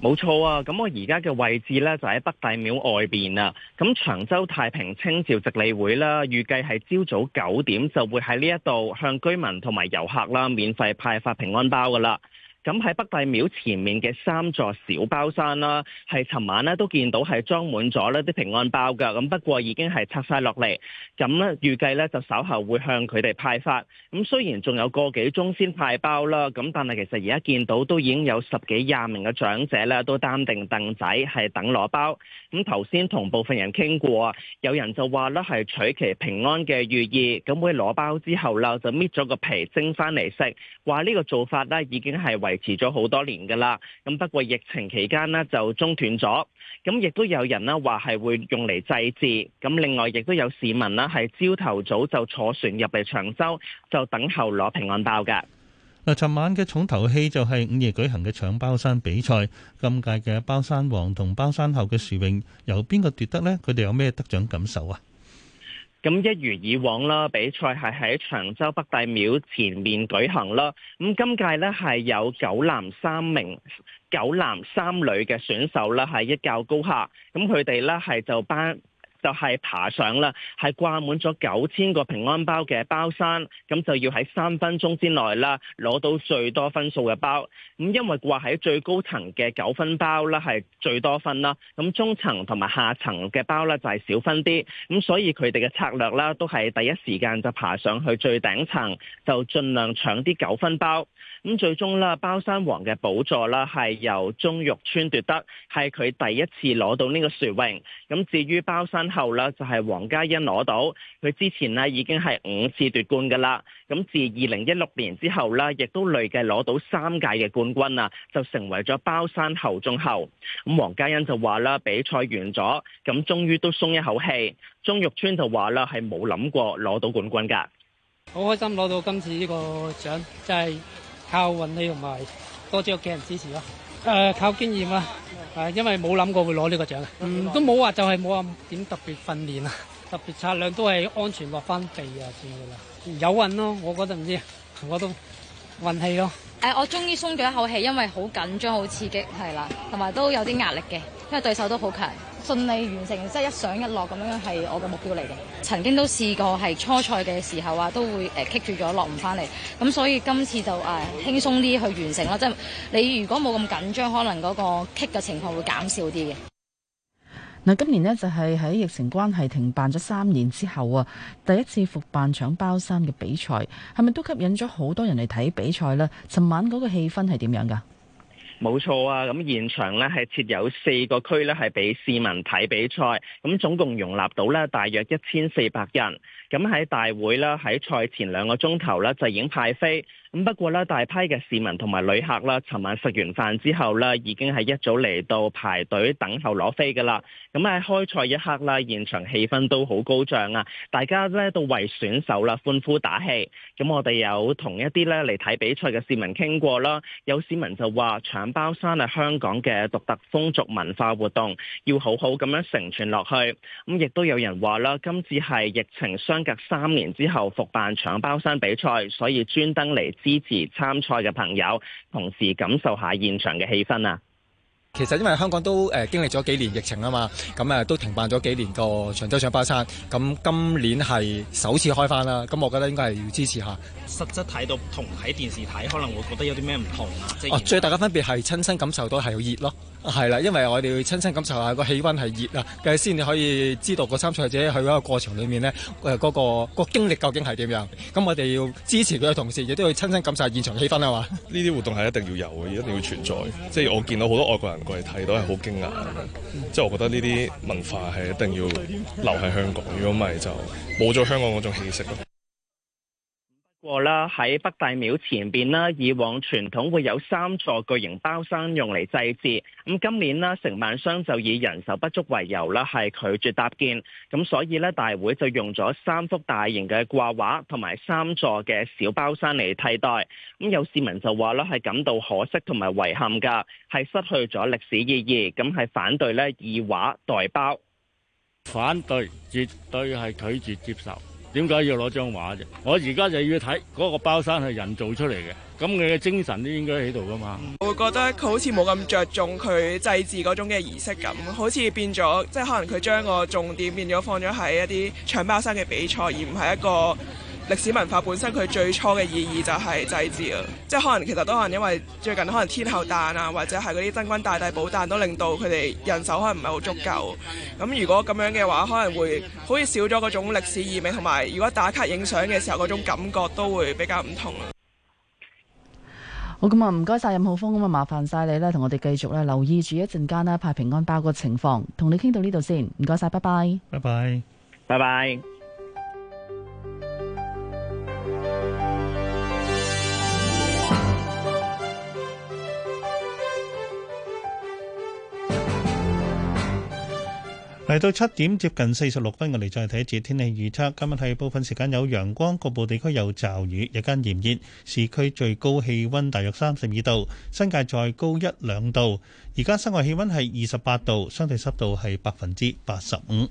冇錯啊！咁我而家嘅位置咧就喺北帝廟外邊啊。咁長洲太平清醮值理會啦，預計係朝早九點就會喺呢一度向居民同埋遊客啦免費派發平安包㗎喇。咁喺北帝廟前面嘅三座小包山啦，係尋晚咧都見到係裝滿咗咧啲平安包噶，咁不過已經係拆晒落嚟，咁咧預計咧就稍後會向佢哋派發，咁雖然仲有個幾鐘先派包啦，咁但係其實而家見到都已經有十幾廿名嘅長者咧都擔定凳仔係等攞包。咁頭先同部分人傾過啊，有人就話咧係取其平安嘅寓意，咁會攞包之後啦就搣咗個皮蒸翻嚟食。話呢個做法咧已經係為。遲咗好多年噶啦，咁不過疫情期間呢就中斷咗，咁亦都有人咧話係會用嚟祭祀，咁另外亦都有市民呢係朝頭早就坐船入嚟長洲，就等候攞平安包㗎。嗱，尋晚嘅重頭戲就係午夜舉行嘅搶包山比賽，今屆嘅包山王同包山后嘅殊榮由邊個奪得呢？佢哋有咩得獎感受啊？咁一如以往啦，比賽係喺長洲北帝廟前面舉行啦。咁今屆咧係有九男三名、九男三女嘅選手啦，係一較高下。咁佢哋咧係就班。就係爬上啦，係掛滿咗九千個平安包嘅包山，咁就要喺三分鐘之內啦攞到最多分數嘅包。咁因為掛喺最高層嘅九分包啦係最多分啦，咁中層同埋下層嘅包呢就係、是、少分啲，咁所以佢哋嘅策略啦都係第一時間就爬上去最頂層，就盡量搶啲九分包。咁最終啦，包山王嘅寶座啦，係由鍾玉川奪得，係佢第一次攞到呢個殊榮。咁至於包山后咧，就係黃嘉欣攞到，佢之前咧已經係五次奪冠噶啦。咁自二零一六年之後咧，亦都累計攞到三屆嘅冠軍喇，就成為咗包山后中后。咁黃嘉欣就話啦，比賽完咗，咁終於都鬆一口氣。鍾玉川就話啦，係冇諗過攞到冠軍㗎。好開心攞到今次呢個獎，真係～靠運氣同埋多謝屋企人支持咯、啊。誒、呃，靠經驗啦、啊。誒、啊，因為冇諗過會攞呢個獎嘅。嗯，都冇話就係冇話點特別訓練啊，特別策略都係安全落翻地啊先㗎啦。有運咯，我覺得唔知，我都運氣咯。誒、哎，我終於鬆咗一口氣，因為好緊張，好刺激，係啦，同埋都有啲壓力嘅，因為對手都好強。順利完成，即係一上一落咁樣，係我嘅目標嚟嘅。曾經都試過係初賽嘅時候啊，都會誒棘住咗落唔返嚟，咁所以今次就誒輕鬆啲去完成咯。即係你如果冇咁緊張，可能嗰個棘嘅情況會減少啲嘅。嗱，今年呢，就係喺疫情關係停辦咗三年之後啊，第一次復辦搶包山嘅比賽，係咪都吸引咗好多人嚟睇比賽呢？尋晚嗰個氣氛係點樣㗎？冇錯啊！咁現場咧係設有四個區咧，係俾市民睇比賽。咁總共容納到咧，大約一千四百人。咁喺大會咧，喺賽前兩個鐘頭咧，就已經派飛。咁不過咧，大批嘅市民同埋旅客啦，尋晚食完飯之後呢，已經係一早嚟到排隊等候攞飛㗎喇。咁喺開賽一刻啦，現場氣氛都好高漲啊！大家咧都為選手啦歡呼打氣。咁我哋有同一啲咧嚟睇比賽嘅市民傾過啦，有市民就話搶包山係香港嘅獨特風俗文化活動，要好好咁樣承傳落去。咁亦都有人話啦，今次係疫情相隔三年之後復辦搶包山比賽，所以專登嚟。支持參賽嘅朋友，同時感受下現場嘅氣氛啊！其實因為香港都誒、呃、經歷咗幾年疫情啊嘛，咁、嗯、啊、嗯、都停辦咗幾年個長洲搶包山，咁、嗯、今年係首次開翻啦，咁、嗯、我覺得應該係要支持下。實質睇到同喺電視睇，可能會覺得有啲咩唔同啊？最大嘅分別係親身感受到係好熱咯。係啦，因為我哋要親身感受下個氣溫係熱啊，嘅先你可以知道個參賽者去嗰個過程裡面咧，誒、呃、嗰、那個、那個經歷究竟係點樣。咁我哋要支持佢嘅同時，亦都要親身感受下現場氣氛啊嘛。呢啲活動係一定要有嘅，一定要存在。即、就、係、是、我見到好多外國人過嚟睇到係好驚訝，即、就、係、是、我覺得呢啲文化係一定要留喺香港。如果唔係就冇咗香港嗰種氣息咯。過啦，喺北帝廟前邊啦，以往傳統會有三座巨型包山用嚟祭祀。咁今年呢，成萬商就以人手不足為由啦，係拒絕搭建。咁所以呢，大會就用咗三幅大型嘅掛畫同埋三座嘅小包山嚟替代。咁有市民就話啦，係感到可惜同埋遺憾噶，係失去咗歷史意義。咁係反對呢，以畫代包，反對絕對係拒絕接受。點解要攞張畫啫？我而家就要睇嗰個包山係人造出嚟嘅，咁佢嘅精神都應該喺度噶嘛？我會覺得佢好似冇咁着重佢祭祀嗰種嘅儀式感，好似變咗，即係可能佢將個重點變咗放咗喺一啲搶包山嘅比賽，而唔係一個。歷史文化本身佢最初嘅意義就係祭祀啊，即係可能其實都可能因為最近可能天后誕啊，或者係嗰啲真君大帝寶誕都令到佢哋人手可能唔係好足夠。咁、嗯、如果咁樣嘅話，可能會好似少咗嗰種歷史意味，同埋如果打卡影相嘅時候嗰種感覺都會比較唔同啊。好咁啊，唔該晒任浩峰，咁啊麻煩晒你咧，同我哋繼續咧留意住一陣間呢派平安包個情況，同你傾到呢度先，唔該晒，拜拜，拜拜，拜拜。嚟到七點接近四十六分，我哋再睇一節天氣預測。今日係部分時間有陽光，各部地區有驟雨，日間炎熱，市區最高氣溫大約三十二度，新界再高一兩度。而家室外氣溫係二十八度，相對濕度係百分之八十五。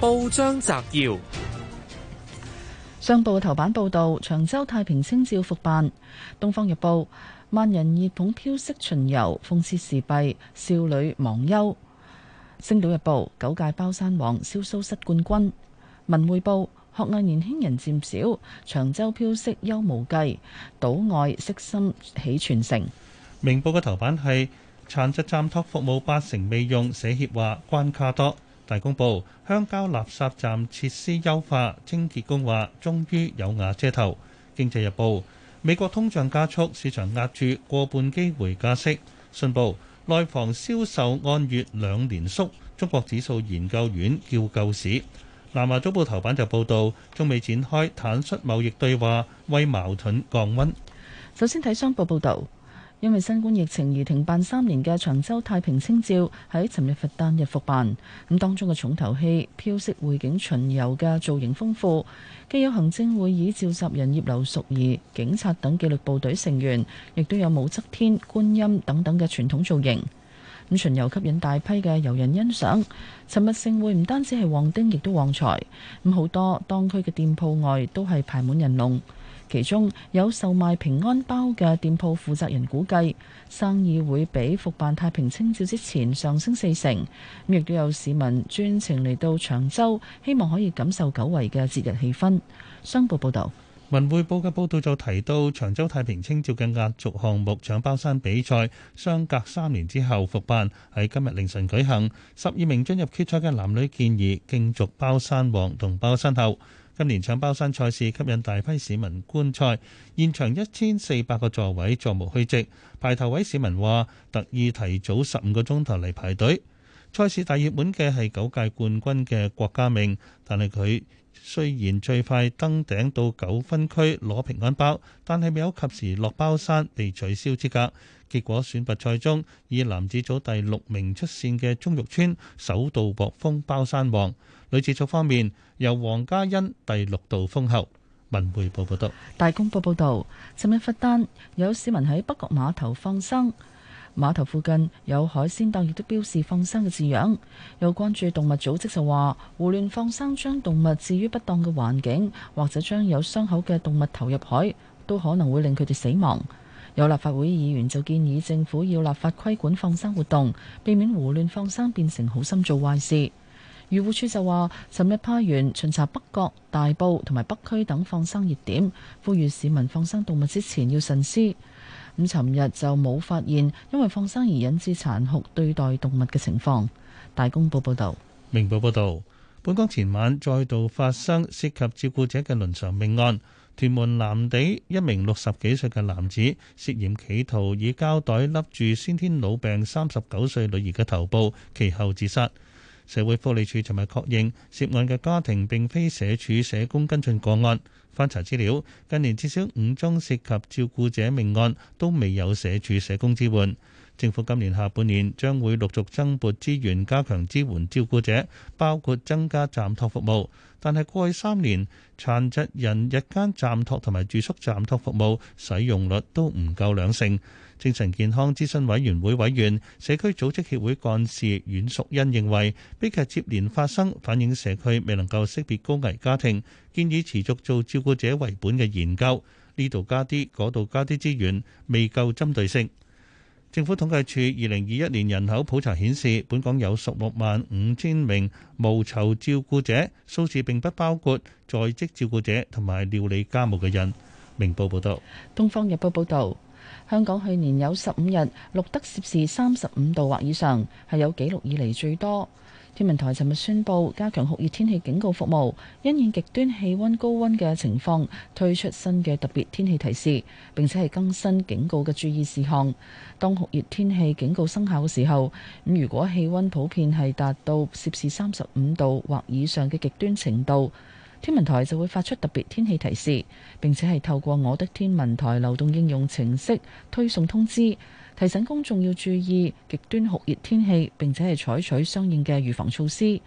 報章摘要：上報頭版報道，長洲太平清醮復辦，《東方日報》。萬人熱捧飄色巡遊，諷刺時弊；少女忘憂，星島日報。九屆包山王蕭蘇失冠軍。文匯報：學藝年輕人漸少，長洲飄色優無計。島外識心起全城。明報嘅頭版係殘疾暫託服務八成未用，社協話關卡多。大公報：香蕉垃圾站設施優化，清潔工話終於有瓦遮頭。經濟日報。美國通脹加速，市場押注過半機會加息。信報內房銷售按月兩年縮，中國指數研究院叫救市。南華早報頭版就報導，仲未展開坦率貿易對話，為矛盾降溫。首先睇商報報導。因為新冠疫情而停辦三年嘅長洲太平清醮，喺尋日佛誕日復辦，咁當中嘅重頭戲，飄色匯景巡遊嘅造型豐富，既有行政會議召集人葉劉淑儀、警察等紀律部隊成員，亦都有武則天、觀音等等嘅傳統造型。咁巡遊吸引大批嘅遊人欣賞。尋日盛會唔單止係旺丁，亦都旺財。咁好多當區嘅店鋪外都係排滿人龍。其中有售賣平安包嘅店鋪負責人估計，生意會比復辦太平清醮之前上升四成。亦都有市民專程嚟到長洲，希望可以感受久違嘅節日氣氛。商報報道，文匯報嘅報導就提到，長洲太平清醮嘅壓軸項目搶包山比賽，相隔三年之後復辦，喺今日凌晨舉行。十二名進入決賽嘅男女健兒競逐包山王同包山后。今年搶包山賽事吸引大批市民觀賽，現場一千四百個座位座無虛席。排頭位市民話特意提早十五個鐘頭嚟排隊賽事大熱門嘅係九屆冠軍嘅郭家明，但係佢雖然最快登頂到九分區攞平安包，但係未有及時落包山被取消資格。結果選拔賽中以男子組第六名出線嘅鍾玉川首度獲封包山王。女指數方面，由黃家欣第六度封后。文匯報報道：「大公報報道，尋日佛誕，有市民喺北角碼頭放生，碼頭附近有海鮮檔亦都標示放生嘅字樣。有關注動物組織就話，胡亂放生將動物置於不當嘅環境，或者將有傷口嘅動物投入海，都可能會令佢哋死亡。有立法會議員就建議政府要立法規管放生活動，避免胡亂放生變成好心做壞事。漁護署就話，尋日派員巡查北角、大埔同埋北區等放生熱點，呼籲市民放生動物之前要慎思。咁尋日就冇發現因為放生而引致殘酷對待動物嘅情況。大公報報道，明報報道，本港前晚再度發生涉及照顧者嘅倫常命案，屯門藍地一名六十幾歲嘅男子涉嫌企圖以膠袋笠住先天老病三十九歲女兒嘅頭部，其後自殺。社會福利署尋日確認，涉案嘅家庭並非社署社工跟進個案。翻查資料，近年至少五宗涉及照顧者命案都未有社署社工支援。政府今年下半年將會陸續增撥資源，加強支援照顧者，包括增加暫托服務。但係過去三年，殘疾人日間暫托同埋住宿暫托服務使用率都唔夠兩成。精神健康諮詢委員會委員、社區組織協會幹事阮淑茵認為，悲劇接連發生，反映社區未能夠識別高危家庭，建議持續做照顧者為本嘅研究。呢度加啲，嗰度加啲資源，未夠針對性。政府統計處二零二一年人口普查顯示，本港有十六萬五千名無酬照顧者，數字並不包括在職照顧者同埋料理家務嘅人。明報報導，《東方日報》報導。香港去年有十五日錄得攝氏三十五度或以上，係有紀錄以嚟最多。天文台尋日宣布加強酷熱天氣警告服務，因應極端氣溫高溫嘅情況，推出新嘅特別天氣提示，並且係更新警告嘅注意事項。當酷熱天氣警告生效嘅時候，咁如果氣溫普遍係達到攝氏三十五度或以上嘅極端程度。天文台就會發出特別天氣提示，並且係透過我的天文台流動應用程式推送通知，提醒公眾要注意極端酷熱天氣，並且係採取相應嘅預防措施。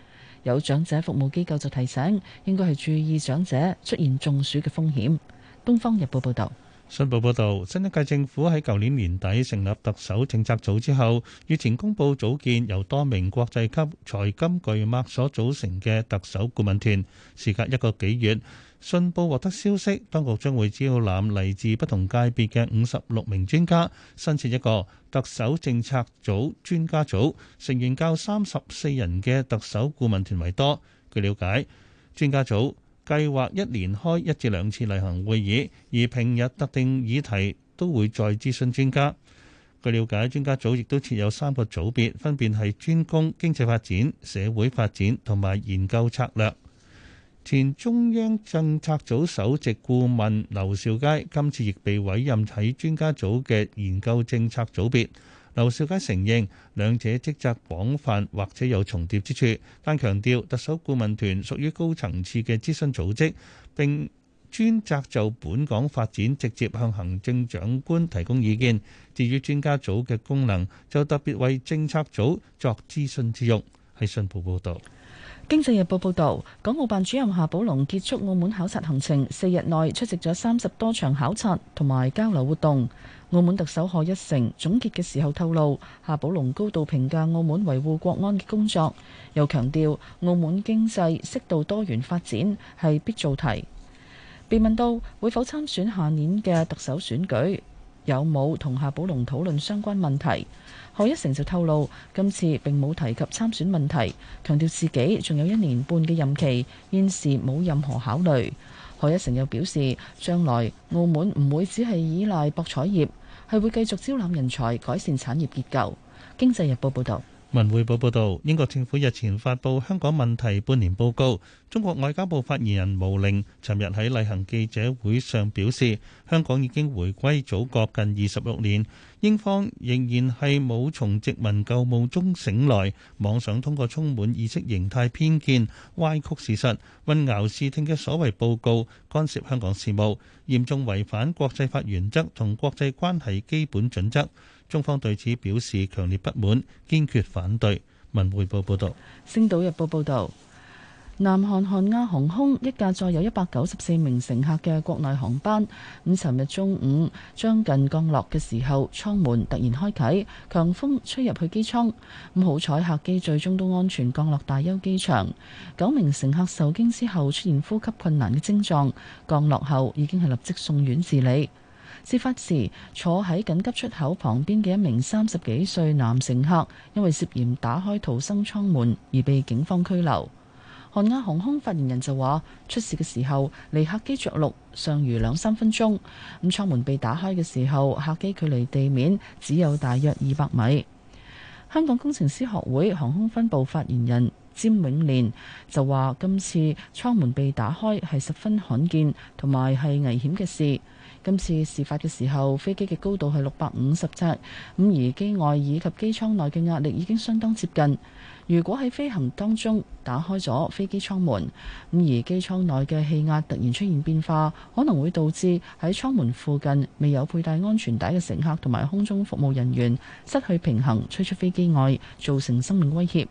有長者服務機構就提醒，應該係注意長者出現中暑嘅風險。《東方日報》報道。信報報導，新一屆政府喺舊年年底成立特首政策組之後，月前公布組建由多名國際級財金巨擘所組成嘅特首顧問團，時隔一個幾月。信報獲得消息，當局將會招攬嚟自不同界別嘅五十六名專家，新設一個特首政策組專家組，成員較三十四人嘅特首顧問團為多。據了解，專家組。計劃一年開一至兩次例行會議，而平日特定議題都會再諮詢專家。據了解，專家組亦都設有三個組別，分別係專攻經濟發展、社會發展同埋研究策略。前中央政策組首席顧問劉兆佳今次亦被委任喺專家組嘅研究政策組別。劉少佳承認兩者職責廣泛或者有重疊之處，但強調特首顧問團屬於高層次嘅諮詢組織，並專責就本港發展直接向行政長官提供意見。至於專家組嘅功能，就特別為政策組作諮詢之用。喺《信報》報道，《經濟日報》報道，港澳辦主任夏寶龍結束澳門考察行程，四日內出席咗三十多場考察同埋交流活動。澳門特首賀一誠總結嘅時候透露，夏寶龍高度評價澳門維護國安嘅工作，又強調澳門經濟適度多元發展係必做題。被問到會否參選下年嘅特首選舉，有冇同夏寶龍討論相關問題，賀一誠就透露，今次並冇提及參選問題，強調自己仲有一年半嘅任期，現時冇任何考慮。賀一誠又表示，將來澳門唔會只係依賴博彩業。係會繼續招攬人才，改善產業結構。經濟日報報導。文匯報報道，英國政府日前發布香港問題半年報告。中國外交部發言人毛寧尋日喺例行記者會上表示，香港已經回歸祖國近二十六年，英方仍然係冇從殖民舊夢中醒來，妄想通過充滿意識形態偏見、歪曲事實、混淆視聽嘅所謂報告，干涉香港事務，嚴重違反國際法原則同國際關係基本準則。中方對此表示強烈不滿，堅決反對。文匯報報導，《星島日報》報道：「南韓韓亞航空一架載有一百九十四名乘客嘅國內航班，咁尋日中午將近降落嘅時候，艙門突然開啟，強風吹入去機艙。咁好彩，客機最終都安全降落大邱機場。九名乘客受驚之後出現呼吸困難嘅症狀，降落後已經係立即送院治理。事發時，坐喺緊急出口旁邊嘅一名三十幾歲男乘客，因為涉嫌打開逃生艙門而被警方拘留。韓亞航空發言人就話，出事嘅時候離客機着陸尚餘兩三分鐘，咁艙門被打開嘅時候，客機距離地面只有大約二百米。香港工程師學會航空分部發言人。詹永年就話：今次艙門被打開係十分罕見，同埋係危險嘅事。今次事發嘅時候，飛機嘅高度係六百五十尺，咁而機外以及機艙內嘅壓力已經相當接近。如果喺飛行當中打開咗飛機艙門，咁而機艙內嘅氣壓突然出現變化，可能會導致喺艙門附近未有佩戴安全帶嘅乘客同埋空中服務人員失去平衡，吹出飛機外，造成生命威脅。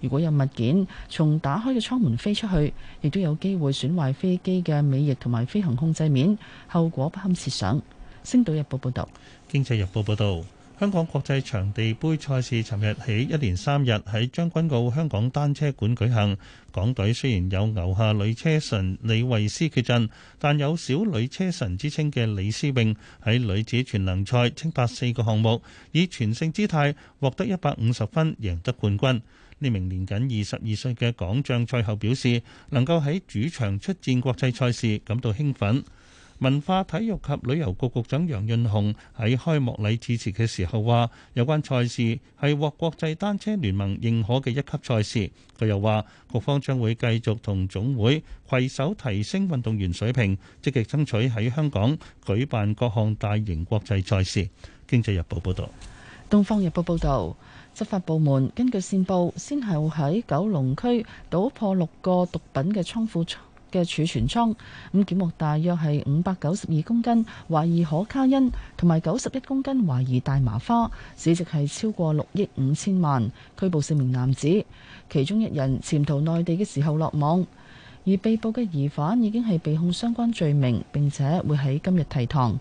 如果有物件從打開嘅艙門飛出去，亦都有機會損壞飛機嘅尾翼同埋飛行控制面，後果不堪設想。星島日報報道：「經濟日報報道，香港國際場地盃賽事，尋日起一連三日喺將軍澳香港單車館舉行。港隊雖然有牛下女車神李慧詩缺陣，但有小女車神之稱嘅李思穎喺女子全能賽稱霸四個項目，以全勝姿態獲得一百五十分，贏得冠軍。呢名年僅二十二歲嘅港將賽後表示，能夠喺主場出戰國際賽事感到興奮。文化體育及旅遊局局長楊潤雄喺開幕禮致辭嘅時候話：有關賽事係獲國際單車聯盟認可嘅一級賽事。佢又話，局方將會繼續同總會攜手提升運動員水平，積極爭取喺香港舉辦各項大型國際賽事。經濟日報報導。東方日報報導。執法部門根據線報，先後喺九龍區搗破六個毒品嘅倉庫嘅儲存倉，咁檢獲大約係五百九十二公斤懷疑可卡因，同埋九十一公斤懷疑大麻花，市值係超過六億五千萬，拘捕四名男子，其中一人潛逃內地嘅時候落網，而被捕嘅疑犯已經係被控相關罪名，並且會喺今日提堂。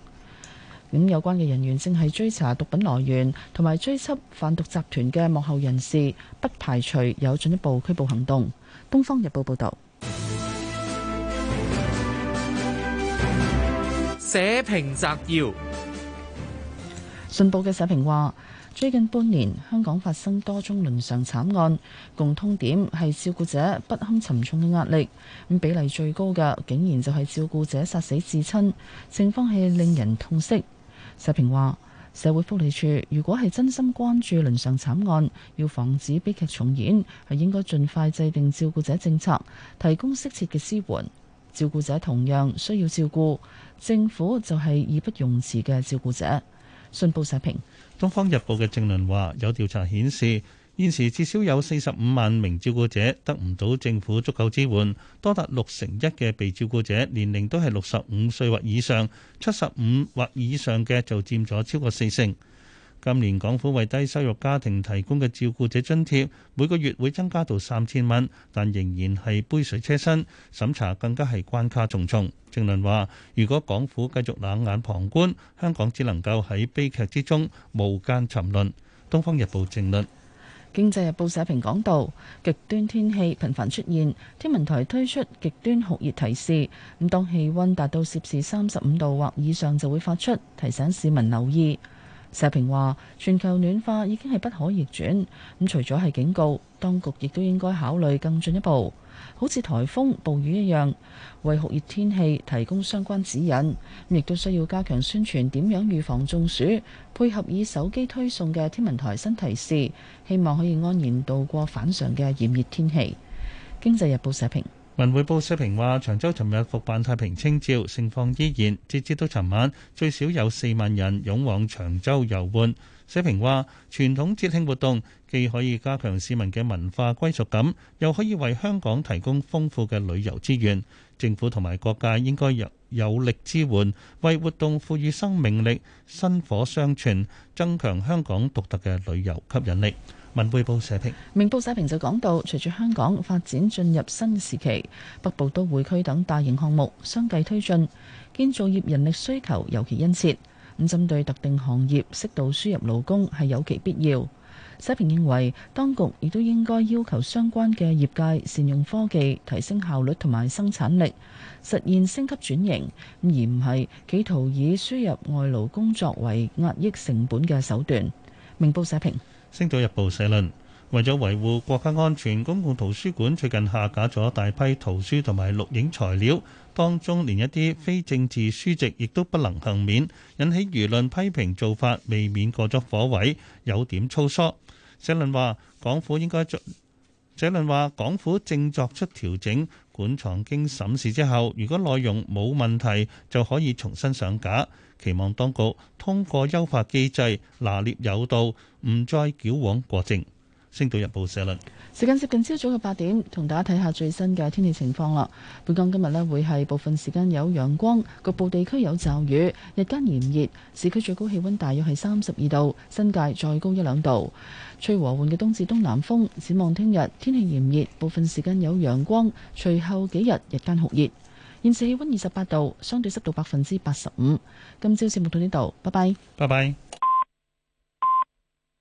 咁有關嘅人員正係追查毒品來源，同埋追緝販毒集團嘅幕後人士，不排除有進一步拘捕行動。東方日報報道。社評摘要：信報嘅社評話，最近半年香港發生多宗倫常慘案，共通點係照顧者不堪沉重嘅壓力。咁比例最高嘅，竟然就係照顧者殺死至親，情況係令人痛惜。社評話：社會福利處如果係真心關注倫常慘案，要防止悲劇重演，係應該盡快制定照顧者政策，提供適切嘅支援。照顧者同樣需要照顧，政府就係義不容辭嘅照顧者。信報社評，《東方日報》嘅正論話：有調查顯示。現時至少有四十五萬名照顧者得唔到政府足夠支援，多達六成一嘅被照顧者年齡都係六十五歲或以上，七十五或以上嘅就佔咗超過四成。今年港府為低收入家庭提供嘅照顧者津貼，每個月會增加到三千蚊，但仍然係杯水車薪，審查更加係關卡重重。正論話：如果港府繼續冷眼旁觀，香港只能夠喺悲劇之中無間沉淪。《東方日報》正論。經濟日報社評講到：極端天氣頻繁出現，天文台推出極端酷熱提示，咁當氣温達到攝氏三十五度或以上，就會發出，提醒市民留意。社評話：全球暖化已經係不可逆轉，咁除咗係警告，當局亦都應該考慮更進一步。好似台風暴雨一樣，為酷熱天氣提供相關指引，亦都需要加強宣傳點樣預防中暑，配合以手機推送嘅天文台新提示，希望可以安然度過反常嘅炎熱天氣。經濟日報社評。文匯報社評話，長洲尋日復辦太平清醮盛況依然，截至到尋晚最少有四萬人湧往長洲遊玩。社評話：傳統節慶活動既可以加強市民嘅文化歸屬感，又可以為香港提供豐富嘅旅遊資源。政府同埋各界應該有有力支援，為活動賦予生命力，薪火相傳，增強香港獨特嘅旅遊吸引力。文匯報社評，明報社評就講到，隨住香港發展進入新時期，北部都會區等大型項目相繼推進，建造業人力需求尤其殷切。咁針對特定行業適度輸入勞工係有其必要。社評認為，當局亦都應該要求相關嘅業界善用科技，提升效率同埋生產力，實現升級轉型，而唔係企圖以輸入外勞工作為壓抑成本嘅手段。明報社評。星島日報社論，為咗維護國家安全，公共圖書館最近下架咗大批圖書同埋錄影材料。當中連一啲非政治書籍亦都不能幸免，引起輿論批評做法未免過咗火位，有點粗疏。社論話港府應該作，社論話港府正作出調整，館藏經審視之後，如果內容冇問題，就可以重新上架。期望當局通過優化機制，拿捏有度，唔再矯枉過正。星島日報社論。時間接近朝早嘅八點，同大家睇下最新嘅天氣情況啦。本港今日呢會係部分時間有陽光，局部地區有驟雨，日間炎熱，市區最高氣溫大約係三十二度，新界再高一兩度。吹和緩嘅東至東南風，展望聽日天氣炎熱，部分時間有陽光，隨後幾日日間酷熱。現時氣溫二十八度，相對濕度百分之八十五。今朝節目到呢度，拜拜，拜拜。